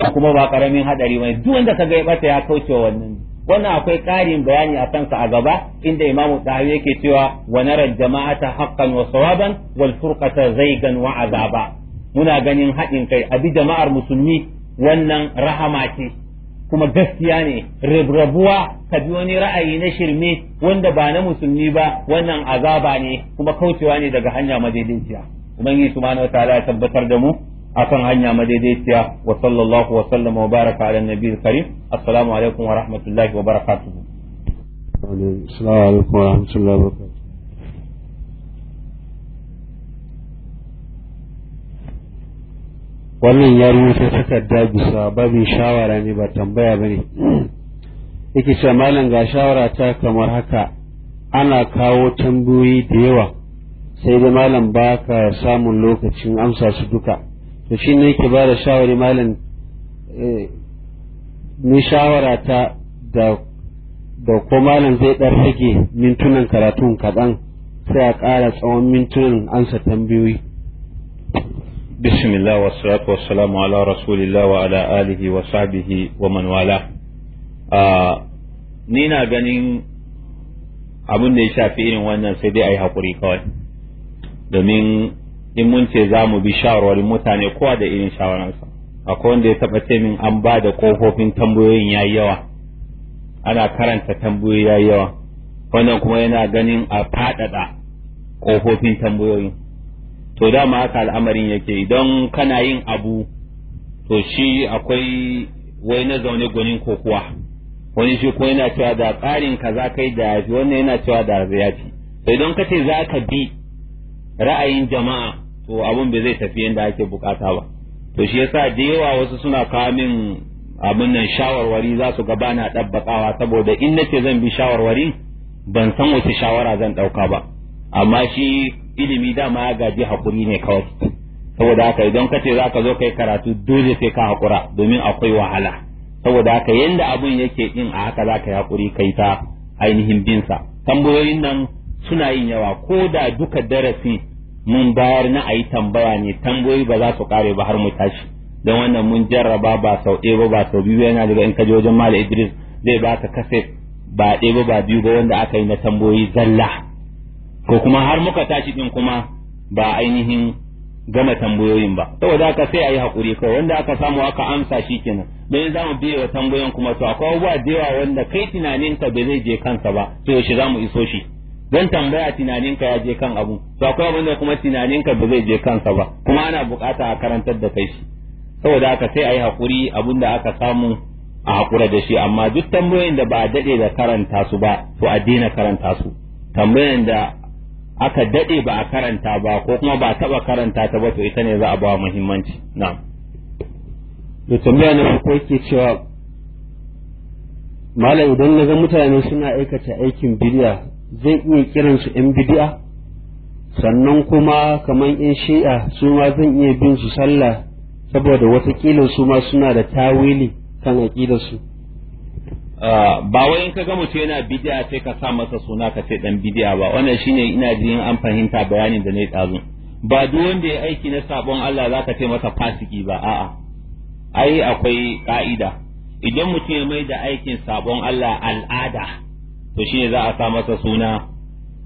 da kuma ba karamin hadari bane duk wanda kaga ya bata ya kaucewa wannan wannan akwai ƙarin bayani a kansa a gaba inda imamu tahawi yake cewa wa nara jama'ata haqqan wa sawaban wal furqata zaygan wa azaba muna ganin haɗin kai a bi jama'ar musulmi wannan rahama ce kuma gaskiya ne rabuwa ka bi wani ra'ayi na shirme wanda ba na musulmi ba wannan azaba ne kuma kaucewa ne daga hanya madaidaiciya ubangiji subhanahu wataala ya tabbatar da mu akan hanya madaidaiciya wa sallallahu wa sallama wa baraka ala nabiyil karim assalamu alaikum wa rahmatullahi wa barakatuh assalamu alaikum wa rahmatullahi wa barakatuh wannan ya rubuta takarda bisa babin shawara ne ba tambaya ba ne yake ce malam ga shawara ta kamar haka ana kawo tambayoyi da yawa sai dai malam ba ka samun lokacin amsa su duka to shi ne yake ba da shawari malam eh, ni shawara ta da ko malam zai ɗan rage mintunan karatun kaɗan sai a ƙara tsawon mintunan amsa tambayoyi بسم الله والصلاة والسلام على رسول الله وعلى آله وصحبه ومن والاه ni na ganin abin da ya shafi irin wannan sai dai a yi haƙuri kawai domin in mun ce za mu bi shawarwarin mutane kowa da irin shawararsa akwai wanda ya taɓa ce min an ba da ƙofofin tambayoyin ya yawa ana karanta tambayoyi ya yawa wannan kuma yana ganin a faɗaɗa ƙofofin tambayoyin to dama haka al'amarin yake idan kana yin abu to shi akwai wai na zaune gwanin kokuwa wani shi ko yana cewa da tsarin ka za yi da yafi wannan yana cewa da yafi to idan ka ce za ka bi ra'ayin jama'a to abun bai zai tafi yadda ake bukata ba to shi yasa da yawa wasu suna kawo min abin nan shawarwari za su gabana ɗabbaƙawa saboda in nace zan bi shawarwari ban san wace shawara zan ɗauka ba amma shi ilimi dama ya gaji hakuri ne kawai saboda haka idan ka ce za ka zo kai karatu dole sai ka hakura domin akwai wahala saboda haka yadda abun yake din a haka za ka yi hakuri kai ta ainihin binsa tambayoyin nan suna yin yawa ko da duka darasi mun bayar na a yi tambaya ne tambayoyi ba za su kare ba har mu tashi don wannan mun jarraba ba sau ɗaya ba ba sau biyu yana daga in ka je wajen mala idris zai baka kaset ba ɗaya ba ba biyu ba wanda aka yi na tambayoyi zalla ko kuma har muka tashi din kuma ba ainihin gama tambayoyin ba saboda haka sai ayi hakuri kai wanda aka samu aka amsa shi kenan dan za mu biye wa tambayoyin kuma to akwai abubuwa da yawa wanda kai tunaninka bai zai je kansa ba to yaushe za mu iso shi don tambaya tunaninka ya je kan abu to akwai abin da kuma tunaninka bai zai je kansa ba kuma ana bukata a karantar da kai shi saboda haka sai ayi hakuri abin da aka samu a hakura da shi amma duk tambayoyin da ba a dade da karanta su ba to a daina karanta su tambayoyin da aka daɗe ba a karanta ba ko kuma ba taba karanta ta ba to ita ne za a ba muhimmanci na'am to tambaya na farko yake cewa malam idan na ga mutane suna aikata aikin bidiya zai iya kiran su yan bidiya sannan kuma kamar yan shi'a su ma zan iya bin su sallah saboda watakila su ma suna da tawili kan aƙidarsu su Ah, ba wai in ka ga mutum yana bidiya sai ka sa masa suna ka ce dan bidiya ba wannan shine ina jin an fahimta bayanin da nayi tsazun ba duk wanda ya aiki na sabon Allah zaka ce masa fasiki ba a'a ai akwai ka'ida idan mutum ya mai da aikin sabon Allah al'ada to shine za a sa masa suna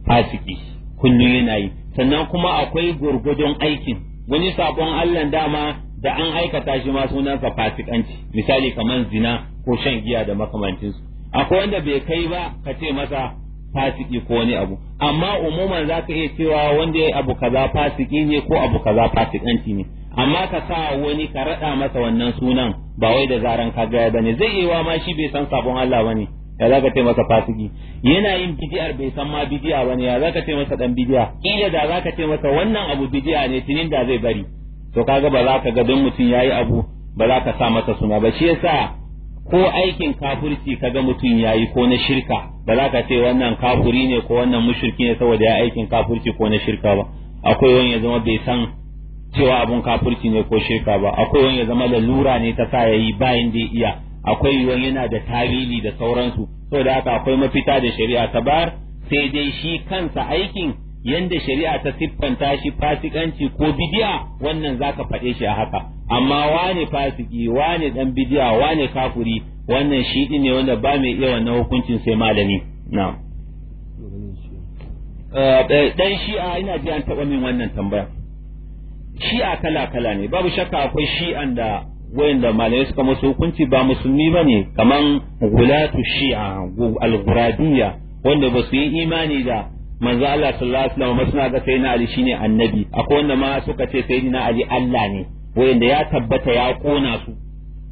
fasiki kullum yana yi sannan kuma akwai gurgudun aikin wani sabon Allah dama da an aikata shi ma sunansa fasikanci misali kamar zina ko shan giya da makamancinsu akwai wanda bai kai ba ka ce masa fasiki ko wani abu amma umuman za ka iya cewa wanda ya abu kaza fasiki ne ko abu kaza fasikanci ne amma ka sa wani ka raɗa masa wannan sunan ba wai da zaran ka gaya ba ne zai iya ma shi bai san sabon Allah ba ne ya za ka ce masa fasiki yana yin bidiyar bai san ma bidiya ne ya za ka ce masa dan bidiya kila da za ka ce masa wannan abu bidiya ne tinin da zai bari to kaga ba za ka ga don mutum ya yi abu ba za ka sa masa suna ba shi yasa ko aikin kafirci ga mutum ya yi ko na shirka ba za ka ce wannan kafuri ne ko wannan mushriki ne saboda ya aikin kafirci ko na shirka ba akwai wani ya zama bai san cewa abun kafurci ne ko shirka ba akwai wani ya zama da lura ne ta sa ya yi bayan da iya akwai wani yana da tarihi da sauransu saboda haka akwai mafita da shari'a ta bayar sai dai shi kansa aikin yanda shari'a ta siffanta shi fasikanci ko bidiya wannan zaka faɗe shi a haka amma wane fasiki wane dan bidiya wane kafuri wannan shi ne wanda ba mai iya wannan hukuncin sai malami na'am dan eh, eh, shi'a ina ji an taɓa min wannan tambaya shi'a kala kala ne babu shakka akwai shi'an da wayanda malamai suka musu hukunci ba musulmi bane kaman gulatu shi'a al-ghuradiyya wanda ba su yi imani da manzo Allah sallallahu alaihi wasallam suna ga na Ali shine annabi akwai wanda ma suka ce sai na Ali Allah ne wanda ya tabbata ya kona su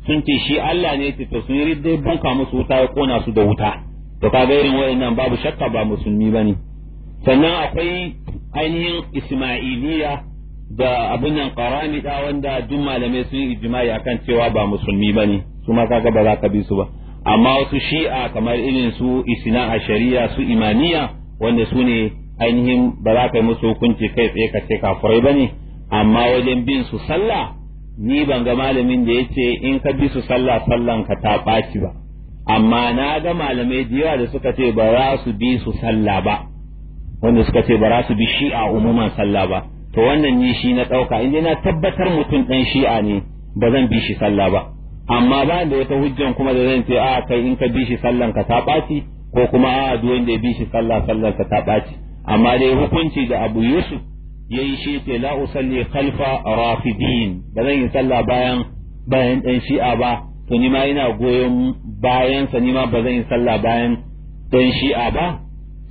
sun ce shi Allah ne ce to sun ridda banka musu wuta ya kona su da wuta to kaga irin wayannan babu shakka ba musulmi bane sannan akwai ainihin Ismailiya da abin nan da wanda duk malamai sun yi ijma'i akan cewa ba musulmi bane su ma kaga ba za ka bi su ba amma wasu shi'a kamar irin su isna a shari'a su imaniya wanda su ne ainihin ba za ka yi musu hukunci kai tsaye ka ce kafurai ba ne amma wajen bin su sallah ni ban ga malamin da ya ce in ka bi su sallah sallan ka ta ɓaci ba amma na ga malamai da yawa da suka ce ba za su bi su sallah ba wanda suka ce ba za su bi shi'a umuman sallah ba to wannan ni shi na ɗauka in na tabbatar mutum ɗan shi'a ne ba zan bi shi sallah ba amma ba da wata hujjan kuma da zan ce a ah, kai in ka bi shi sallan ka ta ɓaci ko kuma a duwan da ya bi shi sallah sallar ka ta ɓaci amma dai hukunci da abu yusuf ya yi shi ce la usalli khalfa rafidin ba zan yi sallah bayan bayan ɗan shi'a ba to ni ma ina goyon bayan sa ni ma ba zan yi sallah bayan ɗan shi'a ba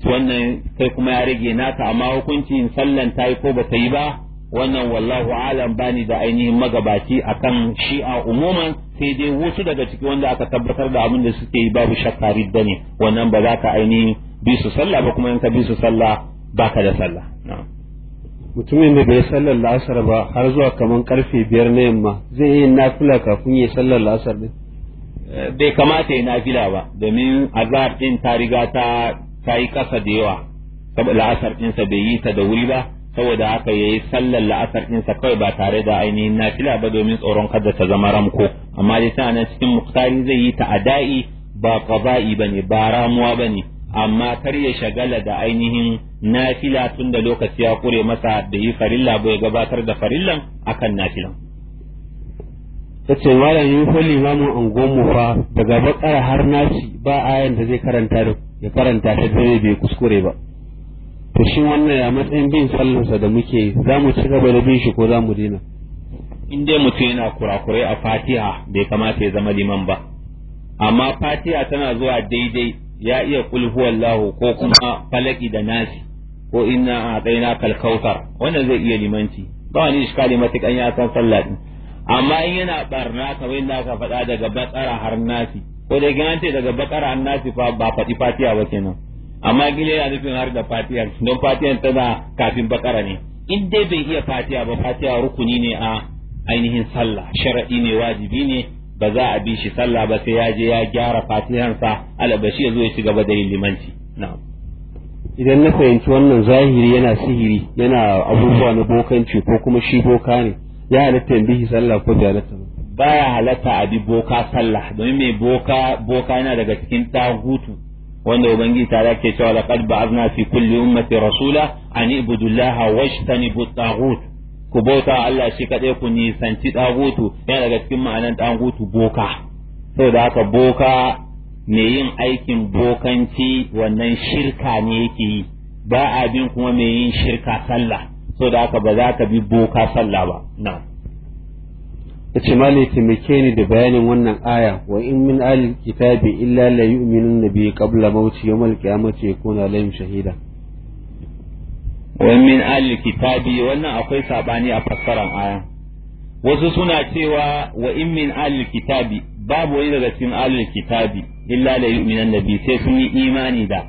wannan sai kuma ya rage naka amma hukuncin sallan ta yi ko ba ta yi ba wannan wallahu alam bani da ainihin magabaci akan shi'a umuman sai dai wasu daga ciki wanda aka tabbatar da abin da suke yi babu shakka ridda ne wannan ba za ka ainihin bi su sallah ba kuma in bi su sallah ba ka da sallah mutumin da bai sallar la'asar ba har zuwa kamar karfe biyar na yamma zai yi nafila kafin ya sallar la'asar ne. Eh, bai kamata ya nafila ba domin azhar din ta riga ta yi kasa da yawa saboda la'asar ɗinsa bai yi ta da wuri ba saboda haka ya yi sallar la'asar ɗinsa kawai ba tare da ainihin nafila ba domin tsoron kada ta zama ramko amma dai tana nan cikin muktari zai yi ta ada'i ba qaza'i bane ba ramuwa bane amma kar ya shagala da ainihin nafila tun da lokaci ya kure masa da yi farilla ba ya gabatar da farillan akan nafilan tace malam yi limamin unguwan fa daga bakara har naci ba ayan da zai karanta ya karanta ta dare bai kuskure ba to shi wannan ya matsayin bin sallarsa da muke za mu ci gaba da bin shi ko za mu dina in dai mutum yana kurakurai a fatiha bai kamata ya zama liman ba amma fatiha tana zuwa daidai ya iya kulhuwallahu ko kuma falaki da nasi ko inna a tsaina kalkautar wannan zai iya limanci ba wani iskali matukan ya san sallah din amma in yana barna kamar yadda aka faɗa daga bakara har nasi ko da gante daga bakara har nasi fa ba faɗi fatiha ba kenan amma gile yana nufin har da fatiya don fatiya tana kafin bakara ne in dai bai iya fatiya ba fatiya rukuni ne a ainihin sallah sharadi ne wajibi ne ba za a bi shi sallah ba sai ya je ya gyara fatihansa alabashi ya zo ya ci gaba da yin limanci na'am idan na fahimci wannan zahiri yana sihiri yana abubuwa na bokanci ko kuma shi boka ne ya halatta bihi sallah ko da halatta ba baya halatta a bi boka sallah domin mai boka boka yana daga cikin tagutu wanda ubangiji ta ke cewa laqad ba'athna fi kulli ummati rasula an ibudu llaha wajtanibu taghut ku bauta Allah shi kadai ku nisanci tsagutu yana daga cikin ma'anan tsagutu boka saboda haka boka mai yin aikin bokanci wannan shirka ne yake yi ba abin kuma mai yin shirka sallah saboda haka ba za ka bi boka sallah ba na'am yace mali taimake ni da bayanin wannan aya wa in min alil kitabi illa la yu'minun bi qabla mawti yawmal qiyamati yakuna lahum shahida wa in min alil kitabi wannan akwai sabani a fassaran aya wasu suna cewa wa in min alil kitabi babu wani daga cikin alil kitabi illa la yu'minun bi sai sun yi imani da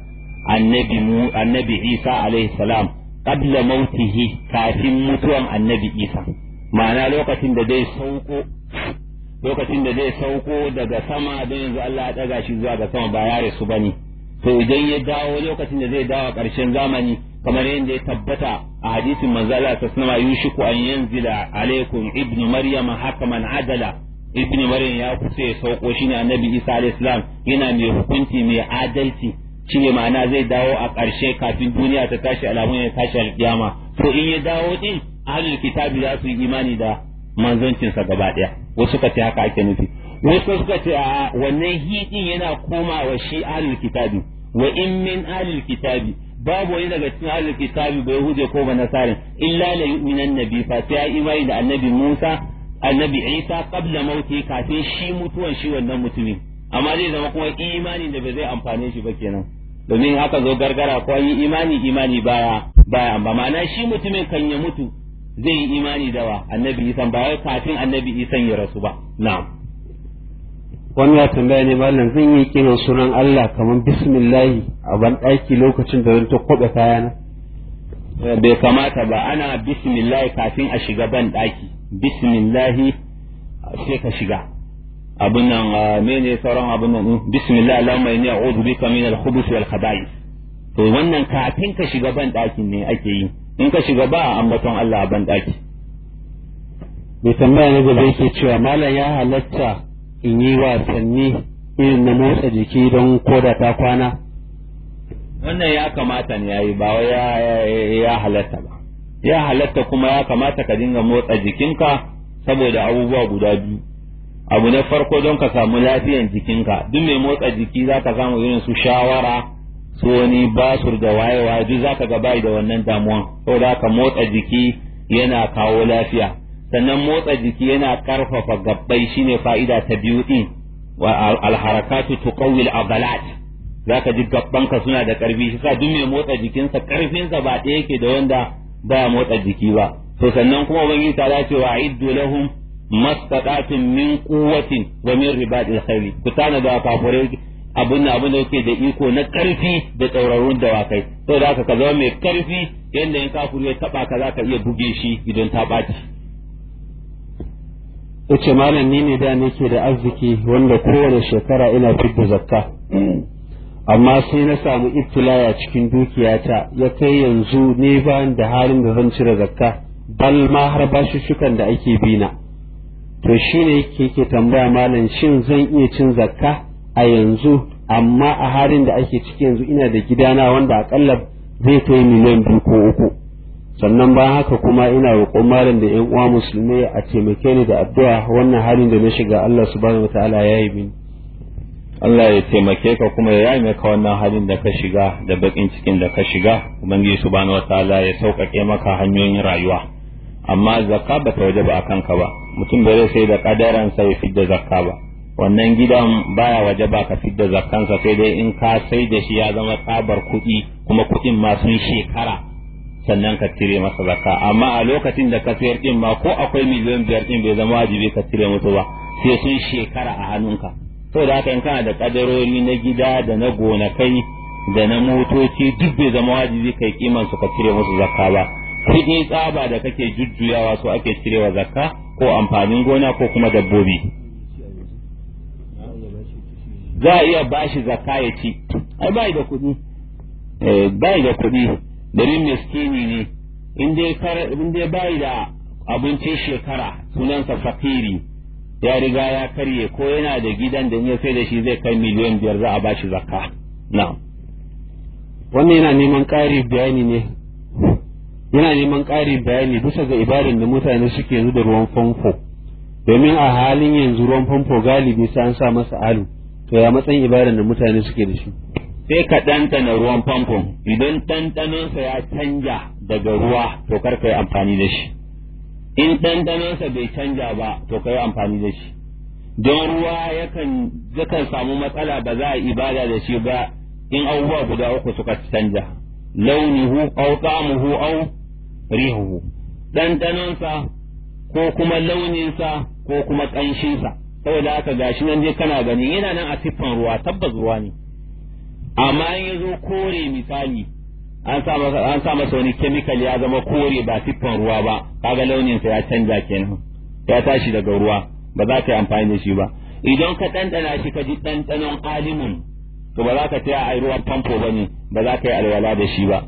annabi mu annabi Isa alaihi salam qabla mautihi kafin mutuwan annabi Isa ma'ana lokacin da zai sauko lokacin da zai sauko daga sama don yanzu Allah ya daga shi zuwa ga sama ba ya rasu ba ne. to idan ya dawo lokacin da zai dawo ƙarshen zamani kamar yadda ya tabbata a hadisin manzala ta sunama yushiku an yanzila alaikum Ibn Maryam hakaman adala Ibn maryam ya kusa ya sauko shi ne annabi Isa alayhi yana mai hukunci mai adalci shine ma'ana zai dawo a ƙarshe kafin duniya ta tashi alamun ya tashi alƙiyama to in ya dawo din ahlul kitabi za su yi imani da manzancinsa gaba daya wasu ka ce haka ake nufi wasu suka ce a wannan hidin yana komawa shi ahlul kitabi wa in min ahlul kitabi babu wani daga cikin ahlul kitabi bai huje ko ba nasarin illa la yu'minan nabi fa sai imani da annabi Musa annabi Isa qabla mauti kafin shi mutuwan shi wannan mutumin amma zai zama kuma imani da ba zai amfane shi ba kenan domin haka zo gargara ko yi imani imani baya baya amma ma'ana shi mutumin kan ya mutu zai yi imani da wa annabi isan ba wai kafin annabi isan ya rasu ba na'am wani ya tambaya ne mallam zan yi kiran sunan Allah kamar bismillahi a ban daki lokacin da zan ta kaya kayana eh, bai kamata ba ana bismillahi kafin a shiga ban daki bismillahi sai ka shiga abin nan ah, mene sauran abin nan bismillah allahumma inni a'udhu bika min al-khubuthi wal khaba'ith to wannan kafin ka shiga ban dakin ne ake yi in ka shiga ba ambaton Allah a banɗaki. mai tambaya na gaba yake cewa malam ya halatta in yi wasanni irin na motsa jiki don koda ta kwana wannan ya kamata ne ya yi ba ya halatta ba ya halatta kuma ya kamata ka dinga motsa jikinka saboda abubuwa guda biyu abu na farko don ka samu lafiyan jikinka duk mai motsa jiki za ka samu irin su shawara su wani basur da wayewa duk zaka ga bai da wannan damuwa saboda ka motsa jiki yana kawo lafiya sannan motsa jiki yana karfafa gabbai shine fa'ida ta biyu din wa alharakatu tuqawwi al za zaka ji gabbanka suna da karfi shi sa duk mai motsa jikinsa karfinsa ba ɗaya yake da wanda ba motsa jiki ba to sannan kuma ubangiji ta dace wa aiddu lahum mastata'tum min quwwatin wa min ribatil khayl ku tana da kafurai abin da abin da yake da iko na karfi da tsaurarun dawakai to da ka zama mai karfi yadda in kafuru ya taba ka za iya buge shi idan ta ɓaci yace malam ni ne da nake da arziki wanda kowane shekara ina fidda zakka amma sai na samu ibtilaya cikin dukiyata ya kai yanzu ne ba da halin da zan cire zakka bal ma har bashushukan da ake bina to shine yake ke tambaya malam shin zan iya cin zakka a yanzu amma a halin da ake ciki yanzu ina da gidana wanda akalla zai kai miliyan biyu ko uku sannan bayan haka kuma ina roƙon malam da ƴan uwa musulmai a taimake ni da addu'a wannan halin da na shiga Allah subhanahu wataala ya yi mini Allah ya taimake ka kuma ya yi maka wannan halin da ka shiga da bakin cikin da ka shiga ubangiji subhanahu wataala ya sauƙaƙe maka hanyoyin rayuwa amma zakka ba ta waje ba akan ka ba mutum ba zai sai da kadaran sai ya fidda zakka ba wannan gidan baya waje ba ka fidda zakkansa sai dai in ka sai da shi ya zama tsabar kuɗi kuma kuɗin ma sun shekara sannan ka cire masa zakka amma a lokacin da ka sayar din ma ko akwai miliyan biyar din bai zama wajibi ka cire musu ba sai sun shekara a hannunka saboda haka in kana da kadarori na gida da na gonakai da na motoci duk bai zama wajibi kai kiman su ka cire musu zakka ba kuɗi tsaba da kake jujjuyawa su ake cirewa zakka ko amfanin gona ko kuma dabbobi za a iya bashi zaka ya ci ai bai da kuɗi eh, bai da kuɗi domin miskini ne in dai bai da abincin shekara sunansa fakiri ya riga ya karye ko yana da gidan da ya sai da shi zai kai miliyan biyar za a bashi zakka na wannan yana neman ƙari bayani ne yana neman ƙari bayani bisa ga ibadan da mutane suke yanzu da ruwan famfo domin a halin yanzu ruwan famfo galibi sai an sa masa alu to ya matsayin ibadan da mutane suke da shi sai ka ɗanɗana ruwan famfon idan ɗanɗanonsa ya canja daga ruwa to kar ka yi amfani da shi in ɗanɗanonsa bai canja ba to ka yi amfani da shi don ruwa yakan yakan samu matsala ba za a ibada da shi ba in abubuwa guda uku suka canja launihu au ta'amuhu au rihuhu ɗanɗanonsa ko kuma launinsa ko kuma ƙanshinsa da aka gashi nan dai kana gani yana nan a siffan ruwa tabbas ruwa ne amma in ya zo kore misali an sa masa wani kemikal ya zama kore ba siffan ruwa ba kaga launinsa ya canza kenan ya tashi daga ruwa ba za ka yi amfani da shi ba idan ka ɗanɗana shi ka ji ɗanɗanon alimun to ba za ka ce a ruwan famfo ba ne ba za ka yi alwala da shi ba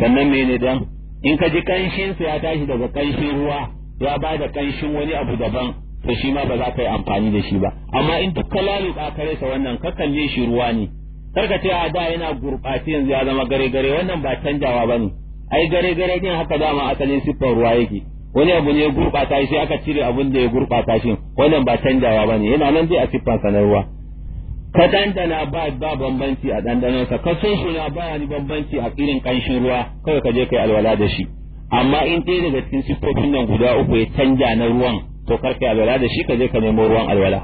sannan me ne dan in ka ji kanshin kanshinsa ya tashi daga kanshin ruwa ya ba da kanshin wani abu daban to shi ma ba za ka yi amfani da shi ba amma in duk ka laluba rasa wannan ka kalle shi ruwa ne karka ce a da yana gurɓace yanzu ya zama gare gare wannan ba canjawa bane ai gare gare din haka dama asalin siffar ruwa yake wani abu ne ya gurɓata shi aka cire abun da ya gurɓata shi wannan ba canjawa bane yana nan zai a siffar sa na ruwa ka dandana ba ba bambanci a dandanonsa ka sun na ba ni bambanci a irin kanshin ruwa kawai ka je kai alwala da shi amma in ɗaya daga cikin siffofin nan guda uku ya canja na ruwan to karka alwala da shi ka je ka nemo ruwan alwala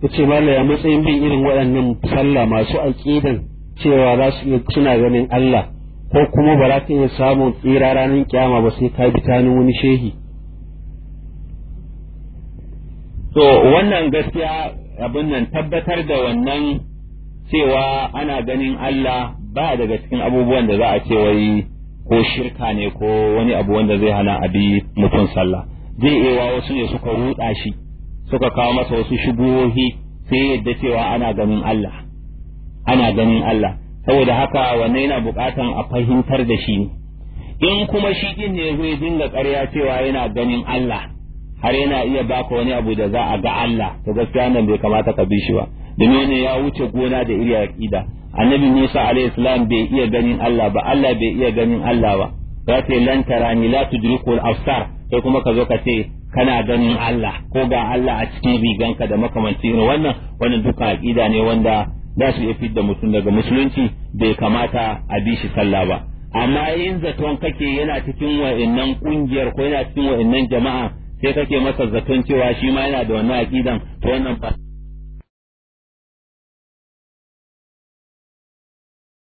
kace mallam ya matsayin bin irin waɗannan sallah masu aqidan cewa za su suna ganin Allah ko kuma ba za ka iya samun tsira ranar kiyama ba sai ka bi tanin wani shehi to wannan gaskiya abin nan tabbatar da wannan cewa ana ganin Allah ba daga cikin abubuwan da za a ce wai ko shirka ne ko wani abu wanda zai hana abi mutum sallah zai iya wasu ne suka ruɗa shi suka kawo masa wasu shigohi sai yadda cewa ana ganin Allah ana ganin Allah saboda haka wannan yana buƙatan a fahimtar da shi in kuma shi din ne zai dinga ƙarya cewa yana ganin Allah har yana iya baka wani abu da za a ga Allah to gaskiya nan bai kamata ka bi shi ba domin ne ya wuce gona da irya ƙida. annabi Musa alayhi salam bai iya ganin Allah ba Allah bai iya ganin Allah ba za ta lan tarani la al absar sai kuma ka zo ka ce kana ganin Allah ko ga Allah a cikin riganka da makamanci wannan wannan duka aqida ne wanda za su iya fidda mutum daga musulunci bai kamata a bi shi sallah ba amma in zaton kake yana cikin wa'annan ƙungiyar ko yana cikin wa'annan jama'a sai kake masa zaton cewa shi ma yana da wannan aqidan to wannan ba